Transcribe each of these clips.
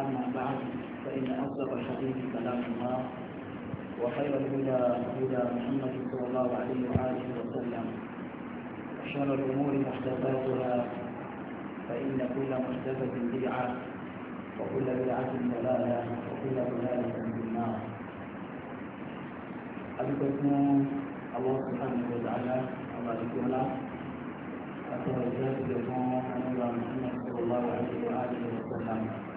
أما بعد فإن أصدق الحديث كلام الله وخير الهدى هدى محمد صلى الله عليه وآله وسلم وشر الأمور محدثاتها فإن كل محدثة بدعة وكل بدعة ضلالة وكل ضلالة في النار أبدكم الله سبحانه وتعالى الله يقول أتوجه بكم أن محمد صلى الله عليه وآله وسلم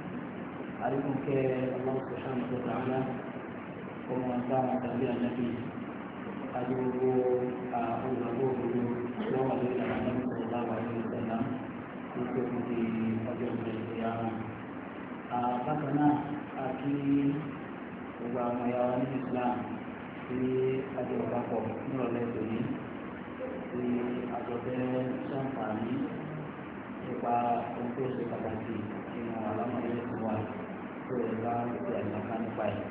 عليكم كالله سبحانه وتعالى ومن كان تبع النبي أجوب أولوه يوم الليل عن النبي صلى الله عليه وسلم يكتب في أجر القيامة فكنا أكيد وما يرى الإسلام في أجر بقر نور الله ti àjọ̀dẹ́ sàǹfààní nípa ohun tó ṣe pàtàkì nínú àlámọ̀lẹ́ ìwà yìí tó o bá ti àyàká nípa ẹ̀.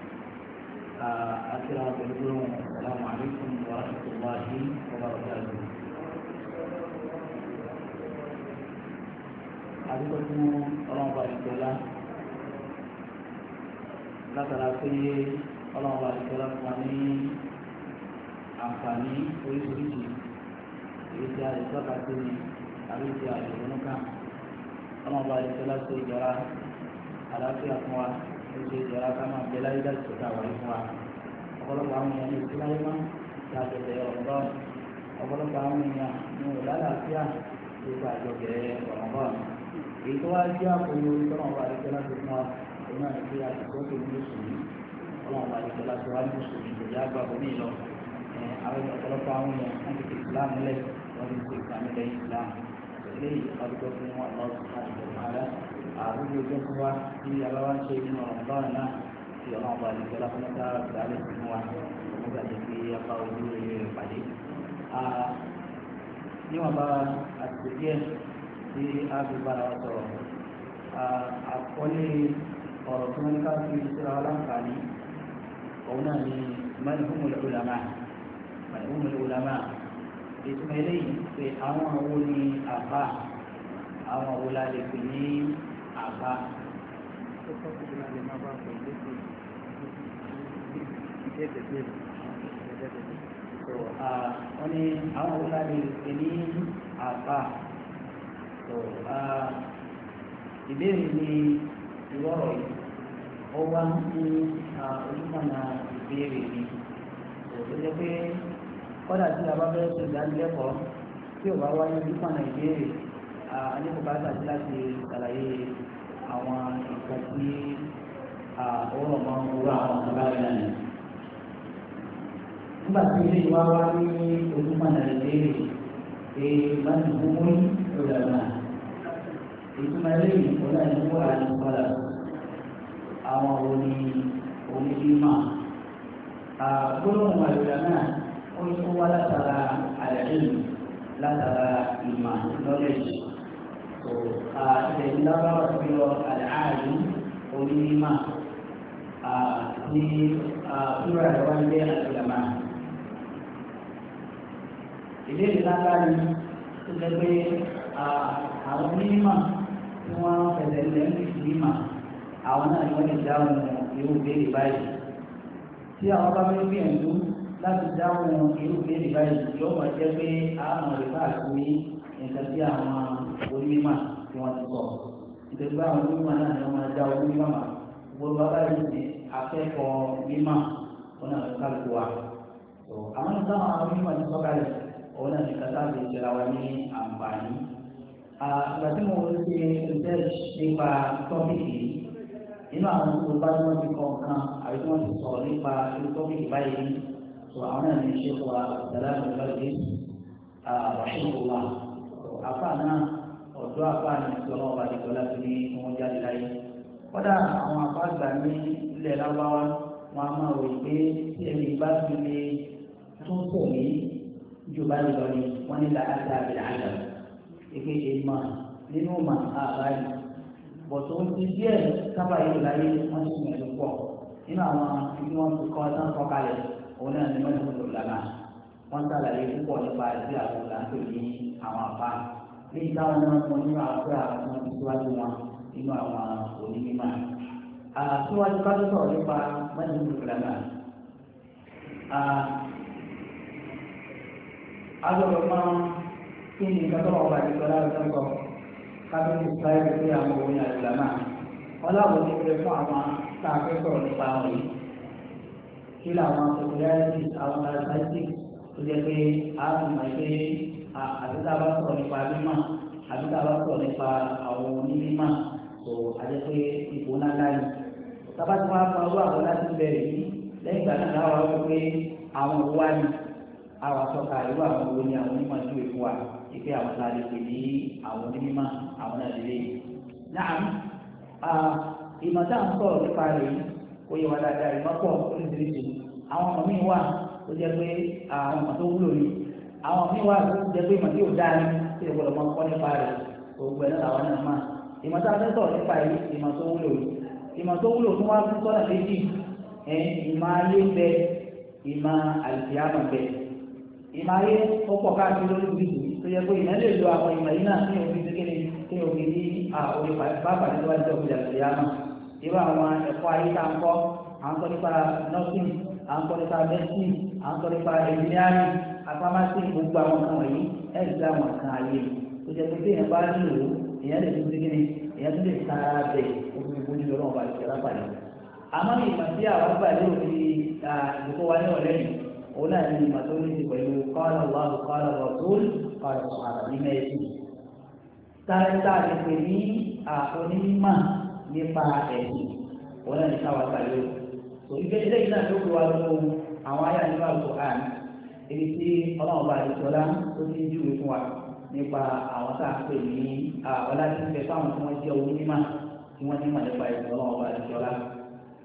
àtìrà pẹ̀lú ọ̀làmù àríkùn wa tó bá sí ọba ọ̀gá lò. àdúgbò fún ọlọ́mọba ìjọlá látara pé ọlọ́mọba ìjọlá fún wa ní àǹfààní ṣe ìjọra àlàáfíà fún wa ó ṣe ìjọra ká máa bẹ láyé láti ṣètò àwọn ìfún wa ọ̀pọ̀lọpọ̀ àwọn èèyàn ní ìsíláyé má ta àjọ̀bẹ̀ ọ̀rọ̀ ọ̀pọ̀lọpọ̀ àwọn èèyàn ní ìlàlàáfíà tó gba àjọ̀bẹ̀ ọ̀rọ̀ èyí tó wá jẹ́ àkóyọ ìtọ́nà ọba àdìsẹ́ láti fún wa òun náà ní pé àtìkọ́ tó ní oṣù yìí ọlọ́run ọba àdìsẹ́ láti wá ní oṣù yìí kò já gbà ní ìlọ àwọn ọ̀pọ̀lọpọ̀ àwọn èèyàn wọ́n ti ìsìlámù lẹ̀ wọ́n ti fi ìsìlámù lẹ́yìn ìsìlámù ilé ìpàdùkọ fún wọn lọ́wọ́ àdìgbò ààrẹ àbúrò ojú fún wa bí aláwa ń ṣe nínú ọ̀rọ̀ báwọn náà tí ọlọ́run bá lè gbọ́lá fún ká gbàlẹ́ fún wa òun gbàdé pé apá ojú rere ìpàdé. níwọ̀n bá àtìkò díẹ̀ tí a fi bára wa sọ̀rọ̀ àkọlé ọ̀rọ̀ tí wọ́n ká fi síra wa láǹfààní òun náà ni mẹ́rin fún mọ̀lẹ́ ìtumọ̀ eléyìí pé àwọn owó ní àbá àwọn owó la lè pè ní àbá. wọ́n ní àwọn owó la lè pè ní àbá. ìbéèrè ni ìwọ́rọ̀ yìí ó wá ń fún ojúmọ̀nà ìbéèrè ni kọ́dà tí a bá fẹ́ ṣe ìdánilẹ́kọ̀ọ́ tí ò bá wáyé nípa nàìjíríà àníkùbátà sí láti ṣàlàyé àwọn nǹkan tí ọ̀rọ̀ máa ń wúra àwọn ọ̀gá rẹ̀ lẹ́nu. nígbà tí ilé ìwà wá ní ojúmọ̀ nàìjíríà èyí láti gbogbo ní ọ̀dàgbà ìtumọ̀ eléyìí kò náà ní wúra ní padà àwọn òní onídìímà gbólóhùn àlùyà náà pé ó wá látara àlẹ́yìn látara ìmọ̀ knowledge tó ilẹ̀ ìlábáwá ti lọ àlẹ́hàájú onímọ̀ ní fúra rẹ̀ wá nílé àtìlámà. ìbéèrè lágbára ni ó jẹ́ pé àwọn onímọ̀ tí wọ́n fẹsẹ̀ lẹ́ ní ìmọ̀ àwọn náà ni wọ́n lè dáhùn irú ìbéèrè báyìí. tí àwọn bá fẹ́ gbìyànjú láti dáhùn irú ìbéèrè báyìí yóò máa jẹ́ pé àmọ̀ rẹ̀ káàkiri nǹkan tí àwọn onímọ̀ tí wọ́n ti sọ. nítorí báwọn onímọ̀ náà ni wọ́n máa dá onímọ̀ mà gbogbo bàbá yìí ti akẹ́kọ̀ọ́ mímọ̀ wọn náà lọ́ka lù wá. àwọn táwọn àwọn onímọ̀ ti sọ́ka rẹ̀ òun náà nìkan láti jẹra wa ní àǹfààní. àgbà tí mo ń ṣe research nípa tọ́pìkì inú àwọn tó bá tí wọ́n ti kọ̀ kan àbí tí wọ́n ti sọ̀rọ̀ nípa irú tọ́pìkì báyìí وعنا من شيخ سلام المجلس رحمه الله أفانا ọ̀dọ́ àfáàní ìjọba ọba ìjọba tó ní wọn jáde láyé kódà àwọn àfáàgbà ní ilẹ̀ lábáwá wọn a máa wò pé tí ẹni bá fi lè tún pò ní ìjọba ìjọba ni wọn ní làásà àbẹ̀rẹ̀ àjà èké èèmà nínú mà àbáyé bọ̀tọ̀ ń ti díẹ̀ sábà yóò láyé wọn sì òun náà ni mẹ́tò tó lànà wọ́n sàlàyé púpọ̀ nípa ẹ̀sìn àwọn ìlànà ní àwọn àbá ní ìtawọn náà wọn nínú àwọn àwọn ìṣíwájú wọn nínú àwọn onímọ̀ àtiwájú ká tó sọ̀rọ̀ nípa mẹ́tò tó lànà agbọ̀dọ̀ máa kí ni ìkàtọ́ ọba ìṣọ́lá rẹ̀ sọ kábíyèsí sáyẹ̀ pé àwọn òun ni àjùlá ọlọ́run ti fẹ́ fún àwọn tá a fẹ́ sọ̀rọ̀ nípa àwọn yìí kí làwọn secularities àwọn parasitic tó jẹ́ pé a ti mọ̀ pé àbíká bá sọ̀rọ̀ nípa mímọ̀ àbíká bá sọ̀rọ̀ nípa àwọn onímọ̀ tó àjẹ́ pé ipò ńláńlá ni. sábà tí wọ́n á fọwọ́ àwọn láti bẹ̀rẹ̀ yìí lẹ́yìn ìgbà náà láwọn wọ́n pé àwọn òwúwa ni àwọn àtọ́ka irú àwọn owó ni àwọn onímọ̀ tó èkó wa ìpè àwọn tá lè pè ní àwọn onímọ̀ àwọn náà lè lè. náà ìmọ̀ táà ń sọ̀rọ̀ nípa rẹ̀ yìí ó yẹ wá dáadáa ìmọ̀ pọ̀ oríṣiríṣi àwọn ọmọ mi wà tó jẹ́ pé àwọn ọmọ tó wúlò yìí àwọn ọmọ mi wà tó jẹ́ pé ìmọ̀ tí ò dáa ni tó yẹ gbọ́dọ̀ máa kọ́ nípa rẹ̀ gbogbo ẹ̀ náà làwọn náà máa ìmọ̀ tá a fẹ́ sọ̀rọ̀ nípa yìí ìmọ̀ tó wúlò yìí ìmọ̀ tó wúlò fún wa fún sọ́nà méjì ẹ̀ ìmọ̀ ayé bẹ ìmọ̀ àlùfíàmọ̀ bẹ ìmọ̀ ayé ó pọ̀ káàkiri lóríṣiríṣi tó yẹ pé ìyẹn lè lo àwọn ìmọ̀ yìí náà kí òfin ti kéde kí òfin ní àwọn ìpàdé bá pàdé tó irú àwọn ẹ̀kọ́ ayé tá à ń kọ́ à ń kọ́ nípa nursing à ń kọ́ nípa medicine à ń kọ́ nípa engineering afamasi gbogbo àwọn kan wọ̀nyí ẹ̀ ń gbé àwọn kan ayé tó jẹ́ pé bíyẹn bá ní òru èèyàn lè tún dígí ni èèyàn tún lè sára bẹ̀ omi ìbójú lọ́wọ́ ọba àti ìjọba pàdé àmọ́ ìgbà tí àwọn àgbà yóò fi ìdókò wa ní ọ̀lẹ́ yìí òun náà ní ìgbà tó ní ti pẹ̀lú qala Allahu qala Rasul qala sọ̀rọ̀ nígbà yẹn tù. táyà táyà lè pè ní onímọ̀ nípa ẹ̀sìn wọn náà ní káwa sàlẹ̀ o tó ibi ilé yìí náà ló kó wa lọ àwọn ayé àti báwo àn ibi tí ọlọ́run bá àdìsọ́ lá tó ti ń júwe fún wa nípa àwọn tá a pè ní ọlá fáwọn tí wọ́n jẹ́ owó mímà tí wọ́n ní mọ̀ nípa ẹ̀sìn ọlọ́run bá àdìsọ́ lá.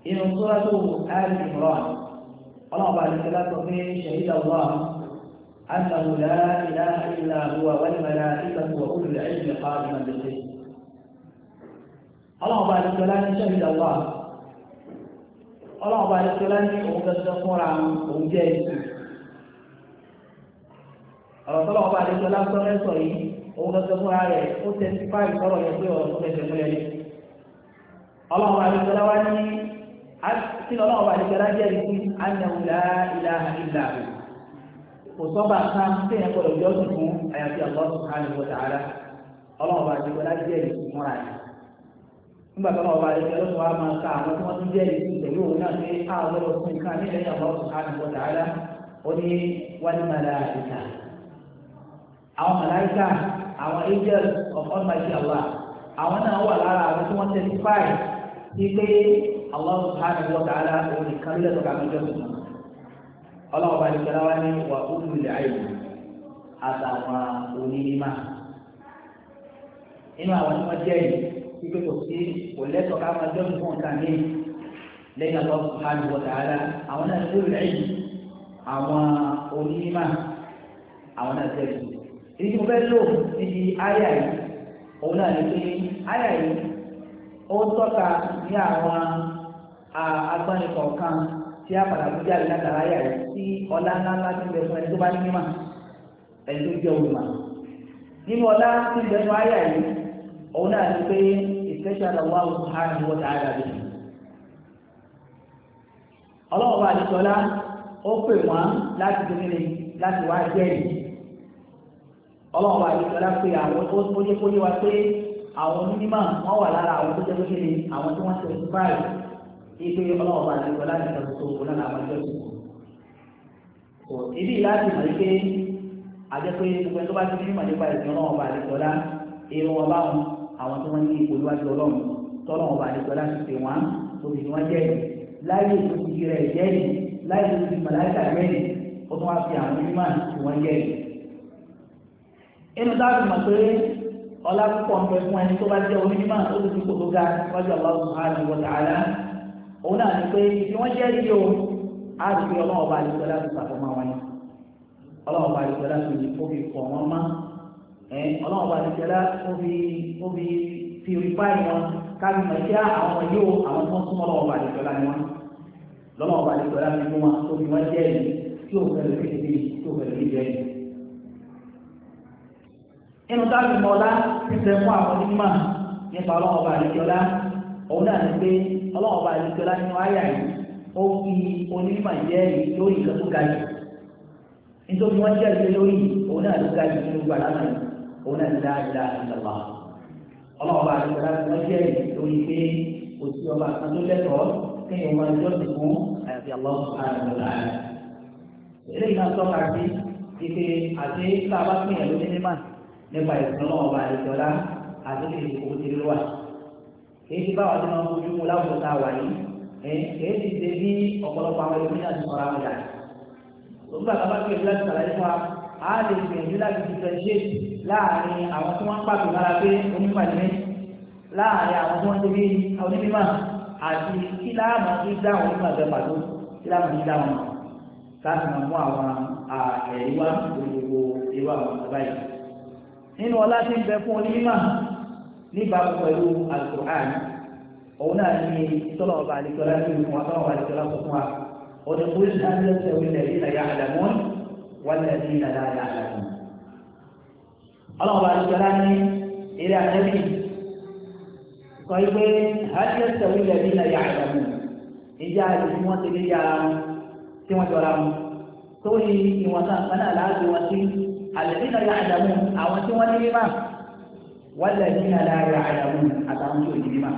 inú sọ́ra tó Ali Imran ọlọ́run bá àdìsọ́ lá sọ pé ṣèyídà wà أنه لا إله إلا هو والملائكة ọlọ́ọ̀bá àdìsọ́lá ní sọ́yìn ìdàgbà ọlọ́ọ̀bá àdìsọ́lá ní òun gẹ́gẹ́ fúnra òun jẹ́ yìí òun fúnra rẹ̀ ó tẹ́ sí ọlọ́ọ̀bá jẹ́ nígbà tó náà wà lẹ́sẹ̀ lọ́sọ̀ wa máa ka àwọn tí wọ́n tún jẹ́ ìlú pẹ̀lú òun náà pé a lọ́rọ̀ fún nǹkan ní ìlẹ́yìn àwọn ọ̀sùn kan nìkan tààrà ó ní wálé màláìka àwọn màláìka àwọn angels of almighty allah àwọn náà wà lára àwọn tí wọ́n tẹ̀sí fáì sí pé àwọn ọ̀sùn kan nìkan tààrà òun nìkan ló lẹ́sọ̀ kàmí jọ́sùn ọlọ́wọ́ bá lè kẹ́lá wípé kò sí kò lẹ́tọ̀ ká máa dọ́nu fún nǹkan mi lẹ́yìn àlọ́ sùhánù wọ̀tàlá àwọn náà tó rẹ̀ yìí àwọn onímọ̀ àwọn náà tẹ̀lé èyí mo fẹ́ lò níbi àyà yìí òun náà ní pé àyà yìí ó tọ́ka ní àwọn agbọ́nìkọ̀ kan tí a padà bú jáde látara àyà yìí sí ọlá ńláńlá tí ń bẹ fún ẹni tó bá ní mímọ̀ ẹni tó jẹ́ olùmọ̀ nínú ọlá tí ń fún àyà yìí òun náà ni pé ìtẹ́sàdà wà ó ha ní wọ́n tààrà bí. ọlọ́wọ́ àdìsọ́lá ó pè wọ́n láti dúnilé láti wá jẹ́rìí ọlọ́wọ́ àdìsọ́lá pé àwọn wa pé àwọn onímọ̀ wọ́n wà lára àwọn tó jẹ́ pé àwọn tí wọ́n ti ń báyìí ipe ọlọ́wọ́ àdìsọ́lá ti sọ tó ibi láti mọ̀ àjẹpé gbogbo ẹni tó bá ti ní ìmọ̀ nípa ìsìn ọlọ́wọ́ àdìsọ́lá èrò àwọn tó wọ́n ní ipò níwájú ọlọ́run tọ́lọ́run ọba àdìgbò láti pè wọ́n tóbi ni wọ́n jẹ́ láyé òkùnkùn rẹ̀ jẹ́ láyé òkùnkùn màláìkà rẹ̀ ó tún wá fi àwọn mímọ́ tí wọ́n jẹ́ inú dáàbò mọ̀ pé ọlá púpọ̀ ń bẹ fún ẹni tó bá jẹ́ onímọ̀ ó ti fi kòtò ga wájú Allah subhanahu wa ta'ala òun náà ni pé ibi wọ́n jẹ́ rí o á ọlọ́run bá ti jẹ́lá ó fi ó fi fi rìpáì wọn káàbí mọ̀ sí àwọn ọmọ yóò àwọn tó ń súnmọ́ lọ́wọ́ bá ti jọlá ni wọn lọ́wọ́ bá ti jọlá ni wọn tó fi wọ́n jẹ́ ẹ̀yìn tí ó fẹ́ lórí ìdí tí ó fẹ́ lórí ìdí ẹ̀yìn. inú táàbì mọ́lá ti fẹ́ fún àwọn onímọ̀ nípa ọlọ́run bá ti jọlá òun náà ni pé ọlọ́run bá ti jọlá nínú àyà yìí ó fi onímọ̀ jẹ́ ẹ̀yìn lórí ìkẹ́kọ̀ọ́ ga òun náà ti dá ìlà ìjọba ọlọ́ọ̀bá àdúgbò wọn jẹ́ lórí pé kò sí ọba kan tó lẹ́tọ̀ọ́ kéèyàn máa jọ́ sí fún àyàfi àlọ́ọ̀bá àdúgbò láàrin eléyìí náà tọ́ka sí ike àti tá a bá pín ẹ̀ lórí mímà nípa ìsìn ọlọ́ọ̀bá àdúgbò àti ìdìbò ti rí wà èyí ti báwa ti máa ń fojú mu láwùjọ tá a wà yìí èyí ti ṣe bí ọ̀pọ̀lọpọ̀ àwọn ẹlòmíràn ti sọ̀rọ̀ a lè gbìyànjú láti differentiate láàrin àwọn tí wọ́n ń pàtó lára pé onímọ̀lẹ́ láàrin àwọn tí wọ́n ti rí onímọ̀ àti kí láàmú kí dá àwọn onímọ̀ àti pàtó kí láàmú kí dá wọn láti máa mú àwọn ẹ̀rí wá gbogbo irú àwọn ọ̀sán yìí. nínú ọlá tí ń bẹ fún onímọ̀ níbàámu pẹ̀lú Al-Qur'an òun náà ní ìtọ́lọ̀ ọba àlejò láti ìlú wọn àtọ́lọ̀ ọba àlejò láti fún wa. ọ̀dọ̀ والذين لا يعلمون الله بعد الكلام إلى النبي طيب هل يستوي الذين يعلمون إجا الإسموات اللي يعلم كما ترام تولي إيوانا فأنا لا أدواتي الذين يعلمون أو أنتم لما والذين لا يعلمون حتى أنتم لما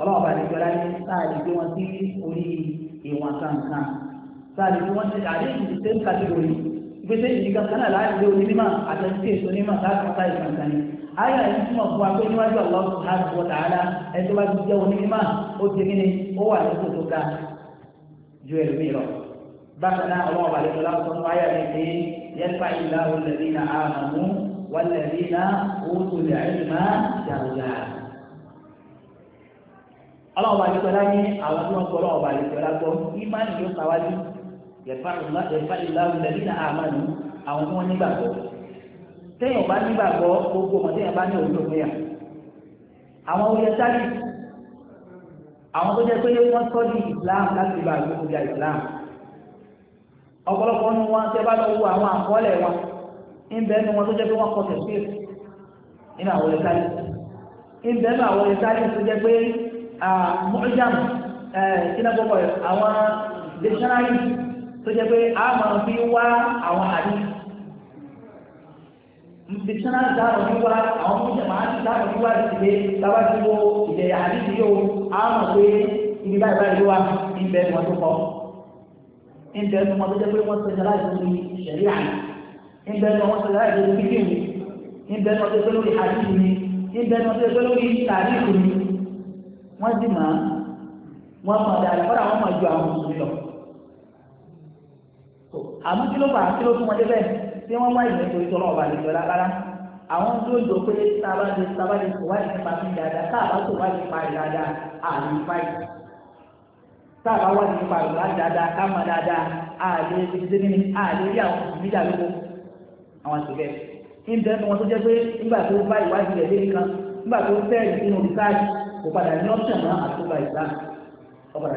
الله بعد الكلام سألت إيوانتي أولي إيوان كان كان sáàlì ni wọ́n ti àdé ìgbésẹ̀ ń kàdé lórí ìgbésẹ̀ ìdíkà kan náà láàrin lé onímọ̀ àtẹ̀sí èso onímọ̀ láàrin ọ̀tá ìgbàgbà ni. ayé àyè túmọ̀ fún wa pé níwájú àwọn subhanahu wa ta'ala ẹjọ́ bá ti jẹ́ onímọ̀ ó ti ní ó wà ní kòtò ga ju ẹ̀mí lọ. bákan náà ọmọ ọba àlejò láwùjọ fún ayé àyè pé yẹpa ìlà alladhina amanu walladhina utul ilma dàrúdà. ọlọ́wọ́ àlejò lá yẹ̀fà ìlàwù lẹ́bí náà àmàlù àwọn tí wọ́n nígbàgbọ́ téèyàn bá nígbàgbọ́ gbogbo ọmọ téèyàn bá ní òwúrò pé à àwọn oyè sáré àwọn tó jẹ́ pé wọ́n tọ́jú Islam láti gba àgbẹ̀ ìjà Islam ọ̀pọ̀lọpọ̀ nu wọn tẹ́ bá lọ wo àwọn àkọọ́lẹ̀ wọn ń bẹ́ẹ̀ nu wọn tó jẹ́ pé wọ́n kọ́ tẹ̀síẹ̀ nínú àwọn oyè sáré ń bẹ́ẹ̀ nu àwọn oyè sáré tó jẹ́ pé mọ́jàm ẹ̀ tó jẹ́ pé a máa fi wá àwọn àdúgbò ìtìsáná dáàbò wíwá àwọn ọmọdé máa ń dáàbò wíwá ìdílé bàbá tí wo ìdẹ̀ àdídì yóò àmọ̀ pé ibi báyìí báyìí wá ìbẹ̀ wọn tó kọ́ ìbẹ̀ wọn tó jẹ́ pé wọ́n sọ̀rọ̀ láti lórí ìṣẹ̀lẹ̀ àná ìbẹ̀ wọn sọ̀rọ̀ láti lórí kíkì mi ìbẹ̀ wọn tó lórí àdídì mi ìbẹ̀ wọn tó lórí tàríkù mi wọ́n sì máa wọ́n mọ̀ dáadáa àmọ́ kí ló fà á kí ló tún wọn débẹ̀ tí wọ́n wá ìyẹn torí tọ́lọ́ ọba àlejò rárá àwọn tó ń dòkó lé sábàdé sábàdé kò wáyé nípa sí dáadáa sábà tó wáyé nípa rẹ̀ dáadáa àlè fáyì sábà wáyé nípa rẹ̀ wáyé dáadáa káma dáadáa àlè ìdílé ní àlè rí àwọn ìbílẹ̀ àlóko àwọn àti bẹ́ẹ̀. níbi ẹni wọn tó jẹ́ pé nígbà tó bá ìwádìí rẹ̀ lé nìkan nígbà tó fẹ́ ìdínú rìsáàjì kò padà ní ọ̀sẹ̀ náà àtúbà ìgbà ọ̀padà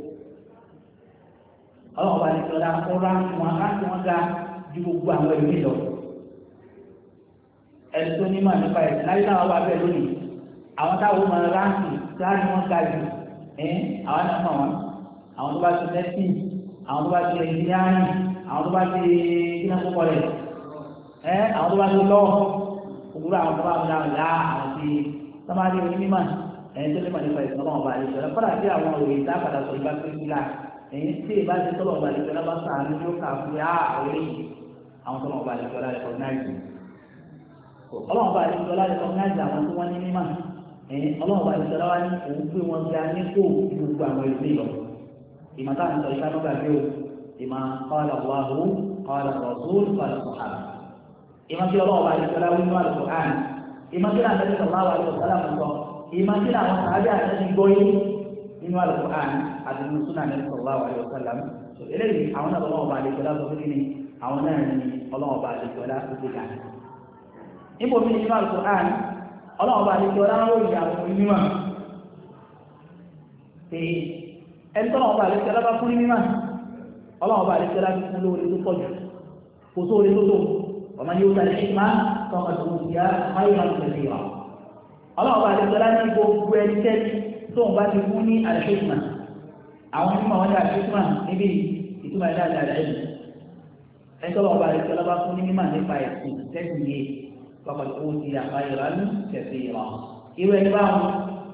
ọlọ́run ọba ní sọdá ọlá wọn láti wọn ga ju gbogbo àwọn ẹ̀mí lọ ẹni tó nímọ̀ nípa ẹ̀ láyé náà wà bẹ́ẹ̀ lónìí àwọn táwọn máa ráǹkì láàrin wọn ga jù ẹ àwọn náà mọ̀ wọn àwọn tó bá ti mẹ́sìn àwọn tó bá ti ẹ̀ńdíníárì àwọn tó bá ti kíná púpọ̀ rẹ̀ ẹ àwọn tó bá ti lọ́wọ́ òwúrọ̀ àwọn tó bá ń dáhùn lá àwọn sọ́mádé onímọ̀ ẹ̀ tó nímọ̀ nípa ìsọ̀rọ̀ ọba àlejò èyí tí ìbá ti tọ́lọ̀ ọba àlejò ọlá bá sàánú yóò kà fún yá àwọn èyí àwọn tọ́lọ̀ ọba àlejò ọlá rẹ̀ kọ́ńdáìsì ọlọ́run ọba àlejò ọlá rẹ̀ kọ́ńdáìsì àwọn tí wọ́n ní mímà ẹ̀yìn ọlọ́run ọba àlejò ọlá wa ní òun pé wọ́n ti ní kó gbogbo àwọn ìlú ìlọ ìmọ̀ táwọn sọ ìṣáná gbàgbé o ìmọ̀ kọ́lá wàhù kọ́lá rọ̀sùn nínú àlùkò àn àti nínú súnà ní sallallahu alaihi wasallam tó eléyìí àwọn náà ọlọ́wọ́ bá àlejò ọlá sọ́kùnrin ni àwọn náà ní ọlọ́wọ́ bá àlejò ọlá tó ga. níbo mi nínú àlùkò àn ọlọ́wọ́ bá àlejò ọlá ń ròyìn àwọn onímọ̀ pé ẹni tó ọlọ́wọ́ bá àlejò ọlá bá fún ní mímọ̀ ọlọ́wọ́ bá àlejò ọlá fi fún lóore tó pọ̀ jù kò sóore tó tó ọmọ yóò tà lẹ́yìn má tọ́ tó ń bá ti fún ní àlẹ́fẹ́tìmà àwọn onímọ̀ wọn ní àlẹ́fẹ́tìmà níbi ìtumọ̀ ẹ̀dá àti àlẹ́yìn ẹjọ́ ọba rẹ̀ tí ọlọ́ba fún ní mímọ̀ nípa ẹ̀sìn tẹ́sìn yé pàpàlù owó ti àfàyè rà ní tẹ̀sí ìrọ̀ irú ẹni báwọn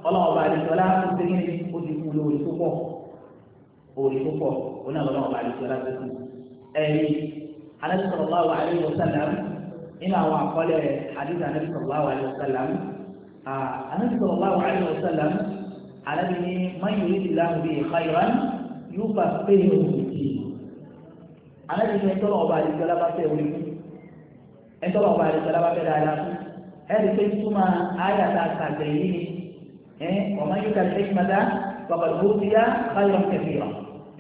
ọlọ́ọ̀ba rẹ̀ tí ọlá fún sí ní ó ti fún lórí púpọ̀ òòrè púpọ̀ oní ọlọ́ọ̀ba rẹ̀ tí ọlá alábìíní man yuridillahu bihi khayran yóò bá péré òun ìdí alábìíní ẹtọ́lọ́ ọba àdìsí alábàfẹ́ orí fún ẹtọ́lọ́ ọba àdìsí alábàfẹ́ dáadáa fún ẹ̀rí pé túmọ̀ ayàtà àtàgbẹ̀ yìí ni ẹ ọ̀mọ yóò ká ṣe ìmọ̀dá bàbá tó ti yá khayran kathira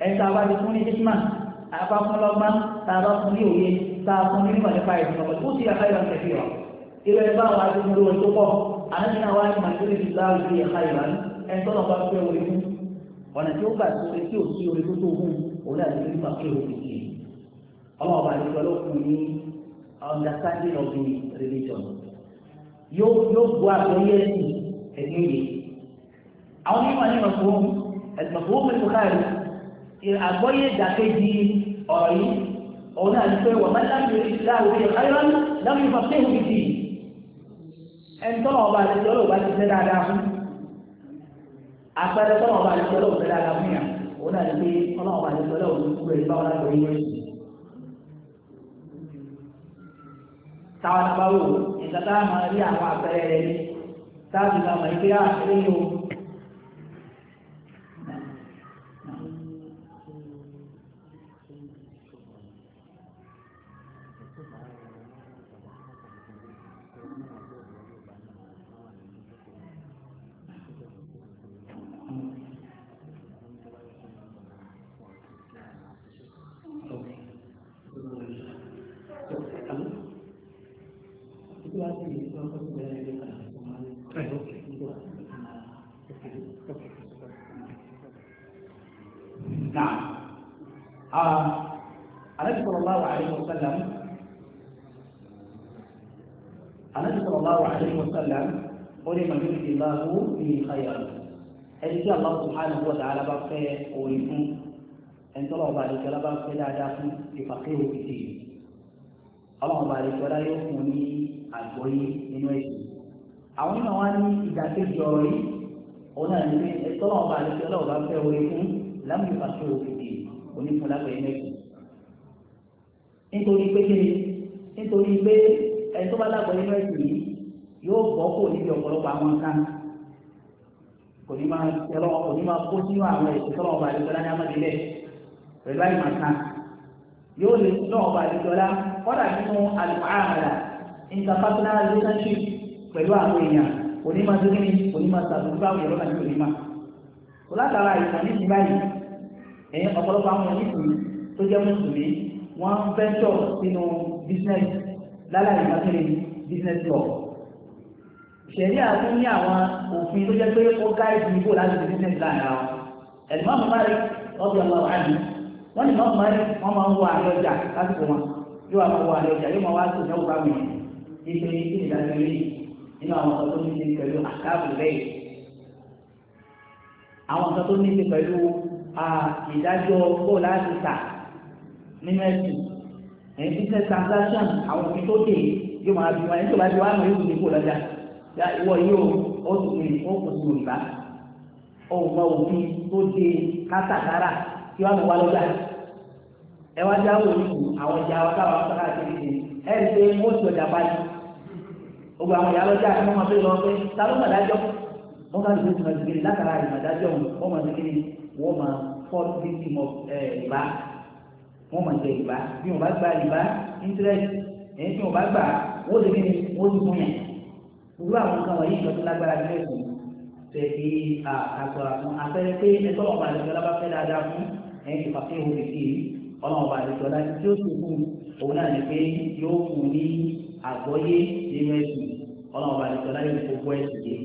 ẹ̀ta wá ti fún ní hikma afáfúnlọ́gbọ́n tààrà fún ní òye tààrà fún ní nípa nípa ìdùnnà bàbá tó ti yá khayran kathira ìrẹ̀lẹ̀ bá wà á ti mú lórí tó pọ̀ àlẹ́ ẹni tọ́nà bá pẹ́ orí mú ọ̀nà tí ó gbà tó orí tí ò sí orí tó tó mú òun àti orí máa pẹ́ orí sí i ọlọ́wọ́ bá nípa lọ́kùn ní understanding of the religion yóò yóò bu àgbẹ̀yẹ ẹ̀sìn ẹ̀sìn yìí àwọn mímọ̀ ní mọ̀fóhùn ẹ̀sìn mọ̀fóhùn mi kò káàrí àgbọ̀yẹ ìdàkejì ọ̀rọ̀ yìí òun náà pé wọ́n máa láti rí láàrú rí ọ̀káyọ́ láwọn ìfọ̀fẹ́ ìwé sí i ẹni ọba àti ìjọ́lọ́ agbẹrẹ tọ́lọ̀ ọba àti ọlọ́wọ́ fẹ́lẹ́ ara fún yà òun náà ní pé ọlọ́wọ́ ọba àti ọlọ́wọ́ ló kúrò ìgbà wọn láti orí ẹ̀sìn. táwọn abáwò ìgbà táwọn máa rí àwọn àpẹẹrẹ rẹ ní táàbù náà máa ń gbé àtẹ́lẹ́yìn ah, o wù ní ìkàyà ẹni tí Allah subhanahu wa ta'ala bá fẹ́ orí fún ẹni tó lọ́wọ́ bá lè jọlá bá fẹ́ dáadáa fún ìfàkẹ́ òkìtì ọlọ́wọ́ bá lè jọlá yóò fún ní àgbọ́yé nínú ẹ̀sìn àwọn náà wá ní ìdákẹ́jọ ọ̀rọ̀ yìí òun náà ní pé ẹni tó lọ́wọ́ bá lè jọlá fẹ́ orí fún lámù ìfàkẹ́ òkìtì onífúnlágbẹ̀ẹ́ mẹ́sìn nítorí nítorí pé ẹni kò ní máa tẹ́lọ́ kò ní máa kó sínú àwọn ètò tọ́lọ́ ọba àdìsọ́lá ní amadílẹ̀ pẹ̀lú àyìnbá kan yóò lè tọ́lọ́ ọba àdìsọ́lá kọ́dà nínú àlùfáàmàlà interpersonal relationship pẹ̀lú àwọn èèyàn kò ní máa dókè ní kò ní máa sàbùkú báwọn èèyàn lọ́nà tí kò ní máa kò látara ìtàn ní ìsìn báyìí ẹ̀yìn ọ̀pọ̀lọpọ̀ àwọn oníṣòwò tó jẹ́ mùsùlùmí wọ́n venture sínú business lálàyé mákèrè business law ṣẹ̀rí àtún ní àwọn òfin tó jẹ́ pé ó gáìdì níbò láti fi business láàrin àwọn ẹ̀dùn máa máa rí ọ̀bí ọ̀la wàhálì wọ́n ní máa máa rí wọ́n máa ń wọ àlẹ́ ọjà lásìkò wọn yóò máa wọ àlẹ́ ọjà yóò máa wá sí ìyàwó bá mi ìpè kí ni ìdájọ́ rí nínú àwọn ọ̀sán tó ní ṣe pẹ̀lú àkáàbù bẹ́ẹ̀ àwọn ọ̀sán tó ní ṣe pẹ̀lú ìdájọ́ bó láti tà nínú ẹ̀sìn business ya ìwọ yóò ó tún lè ó kò sí òrìbá ọ̀hún bá òfin tó de kátàkárà kí wọ́n wá lọ́jà ẹ wá já wò nípò àwọn ìjà wa káwọn afárá àti ìdè ẹ ṣe mọ́tò ọjà báyìí gbogbo àwọn ìyá lọ́jà kí wọ́n máa bẹ̀rẹ̀ lọ́wọ́ pé ta ló mọ̀ dájọ́ wọ́n bá lùdó látara ìmọ̀dájọ́ wọn máa zikiri wọ́n máa fọ́ victim of ìbá eh, wọ́n máa jẹ ìbá bí wọ́n bá gba ìbá interest èyí tí wọ́n bá gbà wọ́n ti kí ni wọ́n ti fún gbogbo àwọn nǹkan wọ̀nyí ìjọ tó lágbára nílé ìsìn ṣe fi àkàtọ̀ra fún àpẹẹrẹ pé ẹgbẹ́ ọ̀pá àlejò ọlá bá fẹ́ dáadáa fún ẹ̀yìn tó pàṣẹ ìhòòhò sí i ọlọ́run ọba àlejò ọlá tí ó sì fún òun náà ní pé yóò fún ní àgbọ́yé nínú ẹ̀sìn ọlọ́run ọba àlejò ọlá yóò gbogbo ẹ̀sìn yé.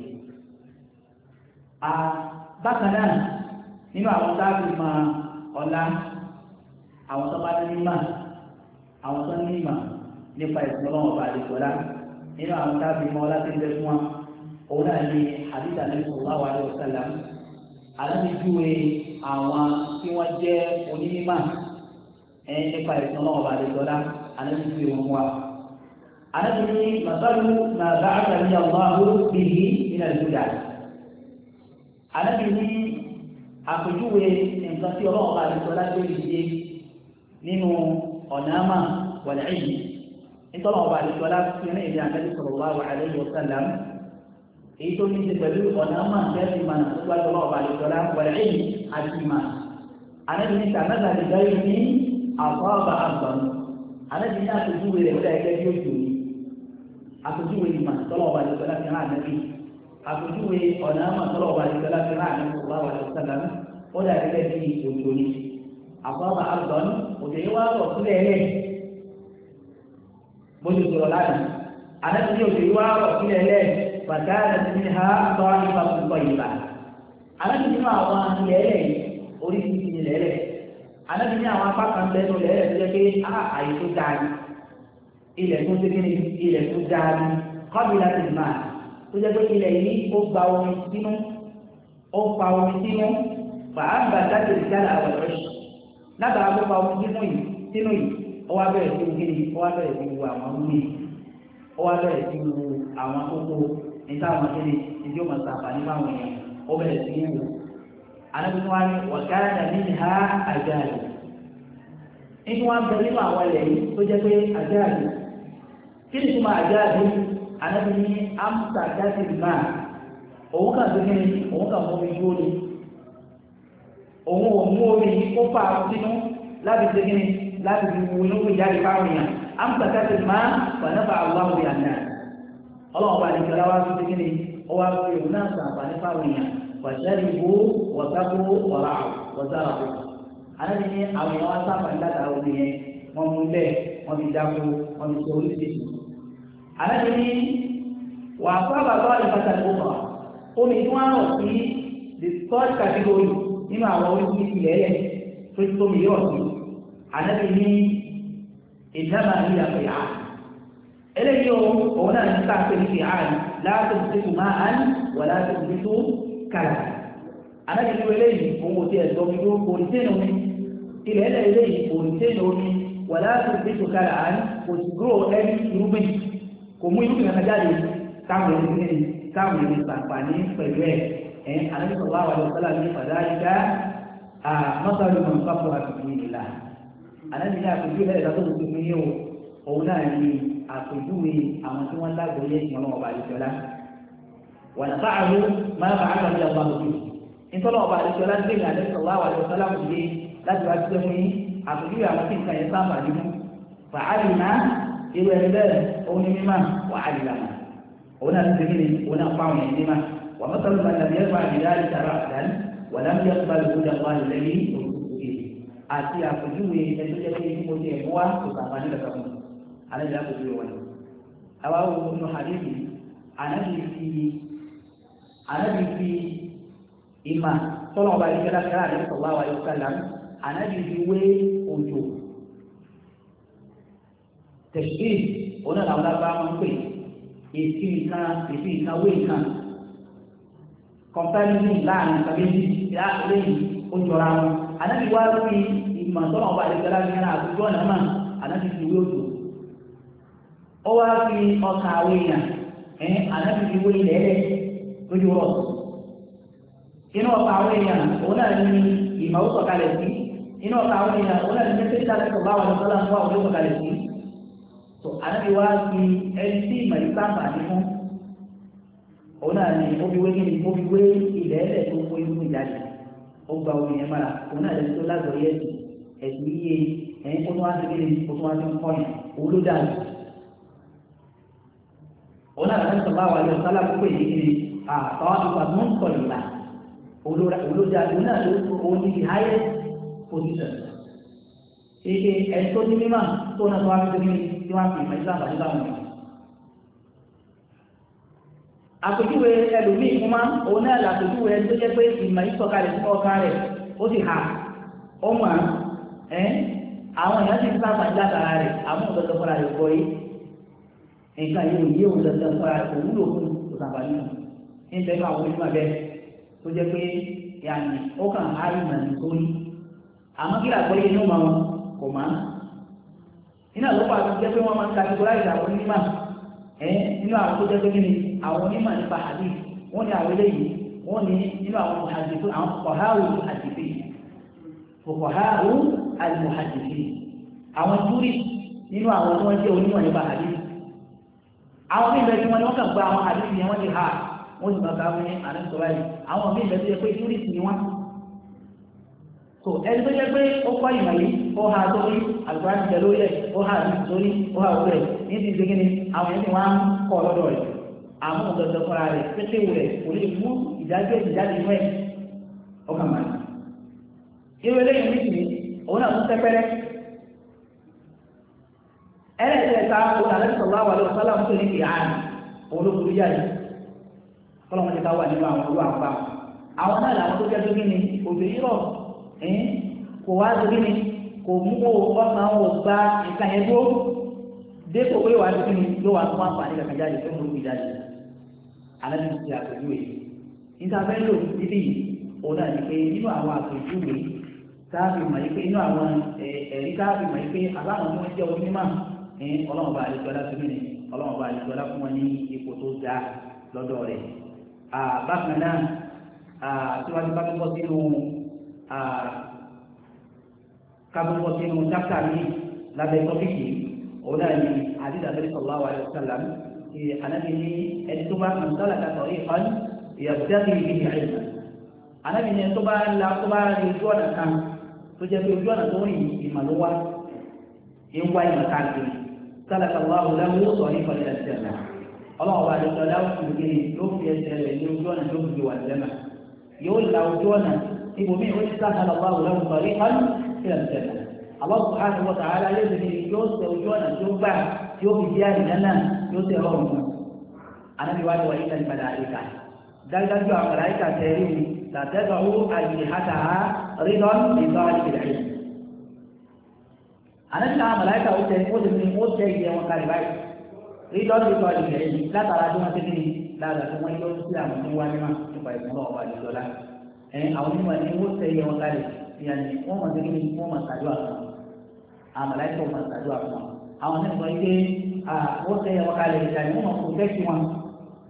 bákan náà nínú àwọn táàbù máa ọlá àwọn tó bá ní mímà àwọn tó ní mímà nípa ìsìn ọlọ́run ọba àlejò ọlá nínú àwọn tábì mọ́ láti ń bẹ fún wa òun náà ní àdìsá ní sallallahu alaihi wasallam alábìjúwe àwọn tí wọ́n jẹ́ onímọ̀ ẹ̀ nípa ìtàn náà ọba àdìsọ́lá alábìjúwe wọn wá. alábìjúwe màtọ́lù máa bá ọ̀gbọ́n àbúrò bìí nínú ìdúgà. alábìjúwe àpèjúwe nǹkan tí ọlọ́run bá àdìsọ́lá gbé nínú ọ̀nàmà wọ̀lẹ́yìn nítorí ọba àlejòọlá fi ní ìdí àtẹ́jú sọ̀rọ̀ wá wà àlejò sálàm èyí tó ní ti pẹ̀lú ọ̀nà máa fẹ́ fi mànà tó gbájú ọba àlejòọlá wọ̀lẹ̀ èyí àti ìmà àlejò ní sàmẹ́ta lè dá yìí ní àfọ́ọ̀bà àgbọ̀n àlejò ní àtòjúwe rẹ̀ wíwá ẹgbẹ́ bí ó jù ní àtòjúwe ìmà tọ́lọ̀ ọba àlejòọlá fi hàn àlejò àtòjúwe ọ̀nà máa tọ́lọ̀ ọba àlejòọlá fi hàn bójú sọ̀rọ̀ lánàá anábì ní òjò wá rọ̀ sílẹ̀ lẹ̀ bàtà rẹ̀ sí ha tọ́ ipa púpọ̀ ìgbà anábì nínú àwọn ilẹ̀ẹ́lẹ̀ oríṣiríṣi ilẹ̀ẹ́lẹ̀ anábì ní àwọn apá kan lẹ́nu ilẹ̀ẹ́lẹ̀ tó jẹ́ pé a ah, àyè tó dáa ni ilẹ̀ tó ṣe kíni ilẹ̀ tó dáa ni kọ́bìlà ti mà tó jẹ́ pé ilẹ̀ yìí ó gba omi sínú ó pa omi sínú fàá bàtà tèmi dára àwọn ọ̀rẹ́ ó wá bẹ̀rẹ̀ sí kéde ó wá bẹ̀rẹ̀ sí wo àwọn wúni ó wá bẹ̀rẹ̀ sí wo àwọn kókó níta àwọn kéde níbi ó máa sàǹfààní fáwọn èèyàn ó bẹ̀rẹ̀ sí anábìnrin wa ha nínú wa àwọn ilẹ̀ yìí tó jẹ́ pé kí ni túmọ̀ anábìnrin jáde òun kà òun kà mú láti fi mú inú ìjáde fáwọn èèyàn amúgbàtà ti máa fànáfà aláwọ̀ bí àná ọlọ́wọ́ bá nìkan láwá tó ti kíni ó wá fi òun náà sàn àǹfààní fáwọn èèyàn wàṣẹ́rì bó wọ̀sákó wọ̀rà wọ̀sára kó alábi ní àwọn èèyàn wá sáfàní látara omi yẹn wọ́n mú bẹ́ẹ̀ wọ́n fi dáko wọ́n fi sọ oríṣiríṣi alábi ní wàá sábà lọ́wọ́ ìfàtà ìfọ̀fà omi tí wọ́n rọ̀ sí the third category nínú àwọn oríṣiríṣi ànábì ní ìdámà ní àpè àná eléyìí o òun náà ń sáfẹ́ ní àná láti ti kù máa án wà láti ti tó kàlà ànábì ní eléyìí òun ò ti ẹ̀ sọ fún kò ní sẹ́nu mi ilẹ̀ ilẹ̀ eléyìí kò ní sẹ́nu mi wà láti ti tó kàlà án kò sì gúrò ẹni irúgbìn kò mú irúgbìn kankan jáde táwọn ẹni ní táwọn ẹni pàpàní pẹ̀lú ẹ̀ ẹ̀ ànábì sọ̀rọ̀ àwọn àlọ́ sọ́lá àlàyé ní àpèjúwe ẹ̀dá tó kù fún yín o òun náà ní àpèjúwe àwọn tí wọ́n lágbo yé ìsìn ọlọ́wọ́ àdìsọ́lá wà ní báàlú máa bá àgbà nílẹ̀ ọba òkú ìtọ́lọ̀ ọba àdìsọ́lá ń gbìyànjú àdìsọ́lá wà àdìsọ́lá kù yé láti wá gbé fún yín àpèjúwe àwọn tí nǹkan yẹn sáàmà nínú fàálì náà irú ẹni bẹ́ẹ̀ òun ní mímà wà á lè lànà àti àpèjúwe ẹjọ́ jẹ́ pé mo ti ẹ̀kọ́ wá kò sàmà ní ìdàgbà fún alẹ́jọ́ àpèjúwe wọn. àwa wo nínú àdébì ànábì fi ànábì fi ìmà tọ́lọ̀ ọba ìjọba kẹrẹ àdébì sọ̀rọ̀ àwọn ayọ̀ kẹrẹ lánàá ànábì fi wé òjò tẹ̀sí òun náà làwọn lábá máa ń pè èsì nǹkan èsì nǹkan wé nǹkan kọ̀ǹpẹ́ẹ́lì láàrin ìgbà méjì ìdá lẹ́yìn ó jọra wọn anabi wá fi ìmọ̀ tọ́lọ̀ ọba àdìgbẹ́lá ní ara àtúntò ọ̀nà mà anabi fi wé òjò ó wá fi ọkà àwọn èèyàn ẹ̀ anabi fi wé ilẹ̀ ẹ̀ lójú rọ̀ inú ọkà àwọn èèyàn òun náà ní ìmọ̀ ó sọ̀kalẹ̀ sí inú ọkà àwọn èèyàn òun náà ní mẹ́tẹ́ẹ̀tì láti sọ̀ bá wọn sọ́lá wá òun ó sọ̀kalẹ̀ sí tó anabi wá fi ẹni tí ìmọ̀ yìí sábà ní fún òun náà ní ó fi wé kí ó gba orin yẹn mọ́ra òun náà lè tó lágbọ̀ọ́yé ẹ̀sìn ẹ̀sìn yíyé ẹ̀yìn kó tó wá sí kíni kó tó wá sí kọ́ yẹn òun ló dà jù. òun náà lọ́sọ̀ bá wà lọ sálà púpọ̀ èyí kíni àtọ́ ìgbà tó ń kọ̀ ìlà òun ló dà òun náà ló tó òun ní the highest position. ṣe ṣe ẹ̀sìn tó ní mímọ́ tó náà tó wá sí kíni tí wọ́n á fi ìmọ̀ ìsìlámù àti àpèjúwe ẹlòmíì fún ma òun náà làpèjúwe ẹni tó jẹ́ pé ìmọ̀ ìsọ̀kalẹ̀ fún ọkàn rẹ̀ ó ti hà ọmọ ẹ̀ àwọn èèyàn ti ń sábà látara rẹ̀ àwọn òdòdó fúnra rẹ̀ kọ́ yìí nǹkan yìí òye òdòdó fúnra rẹ̀ òun ló fún òsàbà nínú níbẹ̀ bá wọlé má bẹ́ẹ̀ tó jẹ́ pé yàní ó kàn á ìmọ̀ nìkórí yìí ló máa kò má kí ni àwọn onímọ̀ nípa hadith wọ́n ní àwọn eléyìí wọ́n ní nínú àwọn muhadithu àwọn kọ̀háàrù àdìbì kọ̀háàrù àdìbì àwọn túrì nínú àwọn tí wọ́n jẹ́ onímọ̀ nípa hadith àwọn míì bẹ́ẹ̀ tí wọ́n ní wọ́n kàn gba àwọn hadith yẹn wọ́n ti ha wọ́n sì máa bá wọn ní àdìsọ́lá yìí àwọn míì bẹ́ẹ̀ tí wọ́n pé túrì ni wọ́n so ẹni tó jẹ́ pé ó kọ́ ìmọ̀ yìí ó ha sórí àlùkò àti ìjẹ́ lórí ẹ̀ ó ha àdìsọ́rí ó ha òkú ní ti ṣe kí ni àwọn ènìyàn wá ń kọ́ lọ́dọ̀ rẹ̀ àmọ́ ọ̀dọ̀dọ̀ fara rẹ̀ pété rẹ̀ kò lè mú ìdájọ́ ìjáde rẹ̀ ọkà máa ní. irú eléyìí ní ìsìn òun náà tún tẹ́pẹ́rẹ́. ẹlẹ́ẹ̀kẹta òun àlẹ́ sọ̀rọ̀ àwọn àlọ́ sọ́lá ń pè ní ìhàní òun ló burú yáyí. kọ́lọ́ wọn ti ká wà nínú àwọn olú àpá. àwọn náà làwọn tó jẹ́ dókí ni òjò yìí rọ̀ kò wá dókí ni kò mú ọkàn wọn gba ìkànnì dúró dépò pé wàá dókí ni ló wàá tún àǹfààní kàkàjáde tó ń lò ó jáde alábìsí ti àpèjúwe níta bẹ́ẹ̀ lò níbí òun náà ní pé nínú àwọn àpèjúwe káàbì mọ̀ yìí pé nínú àwọn ẹ̀rí káàbì mọ̀ yìí pé àbáwọn tí wọ́n jẹ́ onímọ̀ ní ọlọ́mọba àlejò aláṣẹ́mìnì ọlọ́mọba àlejò aláfún wọn ní ipò tó dáa lọ́dọ̀ rẹ̀ bákan náà tí wọ́n ti bá gbọ́ sínú kábọ́bọ́ sínú dákítà mi lábẹ́ tọ́pìkì òun náà ní àdídàbẹ́rẹ́ sọ̀lá wa ẹ̀ ànábì ní ẹni tó bá kàn sálà ká sọ̀rọ̀ ìfọ́n ìyàgbẹ́sẹ̀ ìbí ní àyè ànábì ní ẹni tó bá la tó bá rí ojú ọ̀nà kan tó jẹ́ pé ojú ọ̀nà tó rìn ìmàlúwa ń wá ìmọ̀ káàkiri sálà ká wà ó láwó sọ̀rọ̀ ìfọ́n ìyàgbẹ́sẹ̀ náà ọlọ́wọ́ bá dọ́tọ̀ láwùjọ kiri yóò fi ẹsẹ̀ rẹ̀ ní ojú ọ̀nà tó fi wà yóò tẹ ọlọ́run mọ́ anábì wájú wa ilẹ̀ ìbàdàn àyíká dájúdájú àwọn màláíkà tẹ̀lé mi làtẹ́gbà owó àyè hàtà rídọ́n ìgbà ìbìlẹ̀ yìí anábì àwọn màláíkà ó tẹ ó tẹ̀lé ó tẹ ìyẹn wọn kalẹ̀ báyìí rídọ́n ìgbà ìbìlẹ̀ yìí látara tí wọ́n ti ní lára tí wọ́n yọ sí àwọn tó wá níwá nípa ìmúlọ̀ ọba ìjọlá àwọn onímọ̀ ni ó tẹ ìyẹn wọn kalẹ̀ ìyàní wọ́n mọ̀ sí kí wọ́n mọ̀ sàdúrà fún àwọn màláíkà wọn sàdúrà fún àwọn nípa ilé wọ́n tẹ ọ̀kalẹ̀ ìtàní wọn kò fẹ́ sí wọn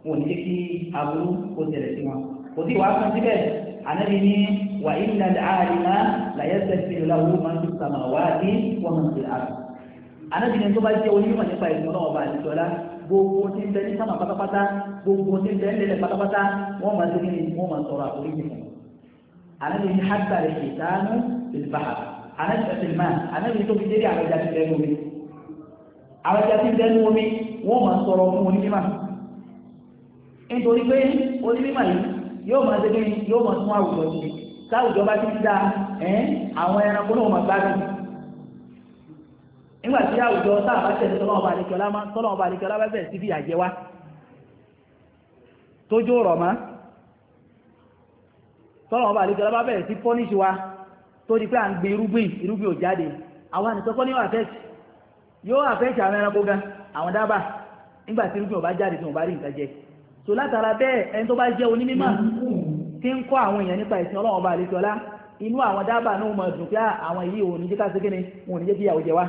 wọn ní kí aburú kò tẹ̀lé sí wọn kò sí wàá kan síbẹ̀ ànábi ní wà ìlà àrìmá làyẹ̀ sẹ́sì lọ́wọ́ máa ń fi sàmà wá dé wọ́n máa ń fi àrùn. ànábi ní tó bá jẹ́ onímọ̀ nípa ìgbọ̀n náà ọba àdìsọ́lá gbogbo tí ń bẹ ní sábà pátápátá gbogbo tí ń bẹ nílẹ̀ pátápátá wọ́n máa dégé ní wọ́n máa sọ̀rọ̀ àforíjì fún un. ànábi ní hàtà rẹ̀ kì í sáánú ìlú bàhà ànábi tó fi dé àwọn ẹja tí ń dẹnu omi wọ́n máa sọ̀rọ̀ fún onímọ̀ nítorí pé onímọ̀ yìí yóò máa ṣe kí yóò máa tún àwùjọ sí táwùjọ bá ti ń da àwọn ẹranko náà máa gbádùn nígbà tí àwùjọ táà bá tẹ̀lé tọ́lọ́wọ́ bá àdékọ́lá máa tọ́lọ́wọ́ bá àdékọ́lá bá bẹ̀rẹ̀ sí bí àjẹ wá tójú rọ̀ mọ́ yóò àfẹ́ǹsì àwọn ẹranko gan àwọn dábà nígbà tí irúgbìn ò bá jáde tí wọn bá rí nǹkan jẹ so látara bẹ́ẹ̀ ẹni tó bá jẹ́ onímọ̀ tí ń kọ́ àwọn èèyàn nípa ìsìn ọlọ́run ọba àlejò ọlá inú àwọn dábà náà mọ̀ dùn pé ah, àwọn yìí ò ní jẹ́ káṣí kíni wọn ò ní jẹ́ kí ìyàwó jẹ wá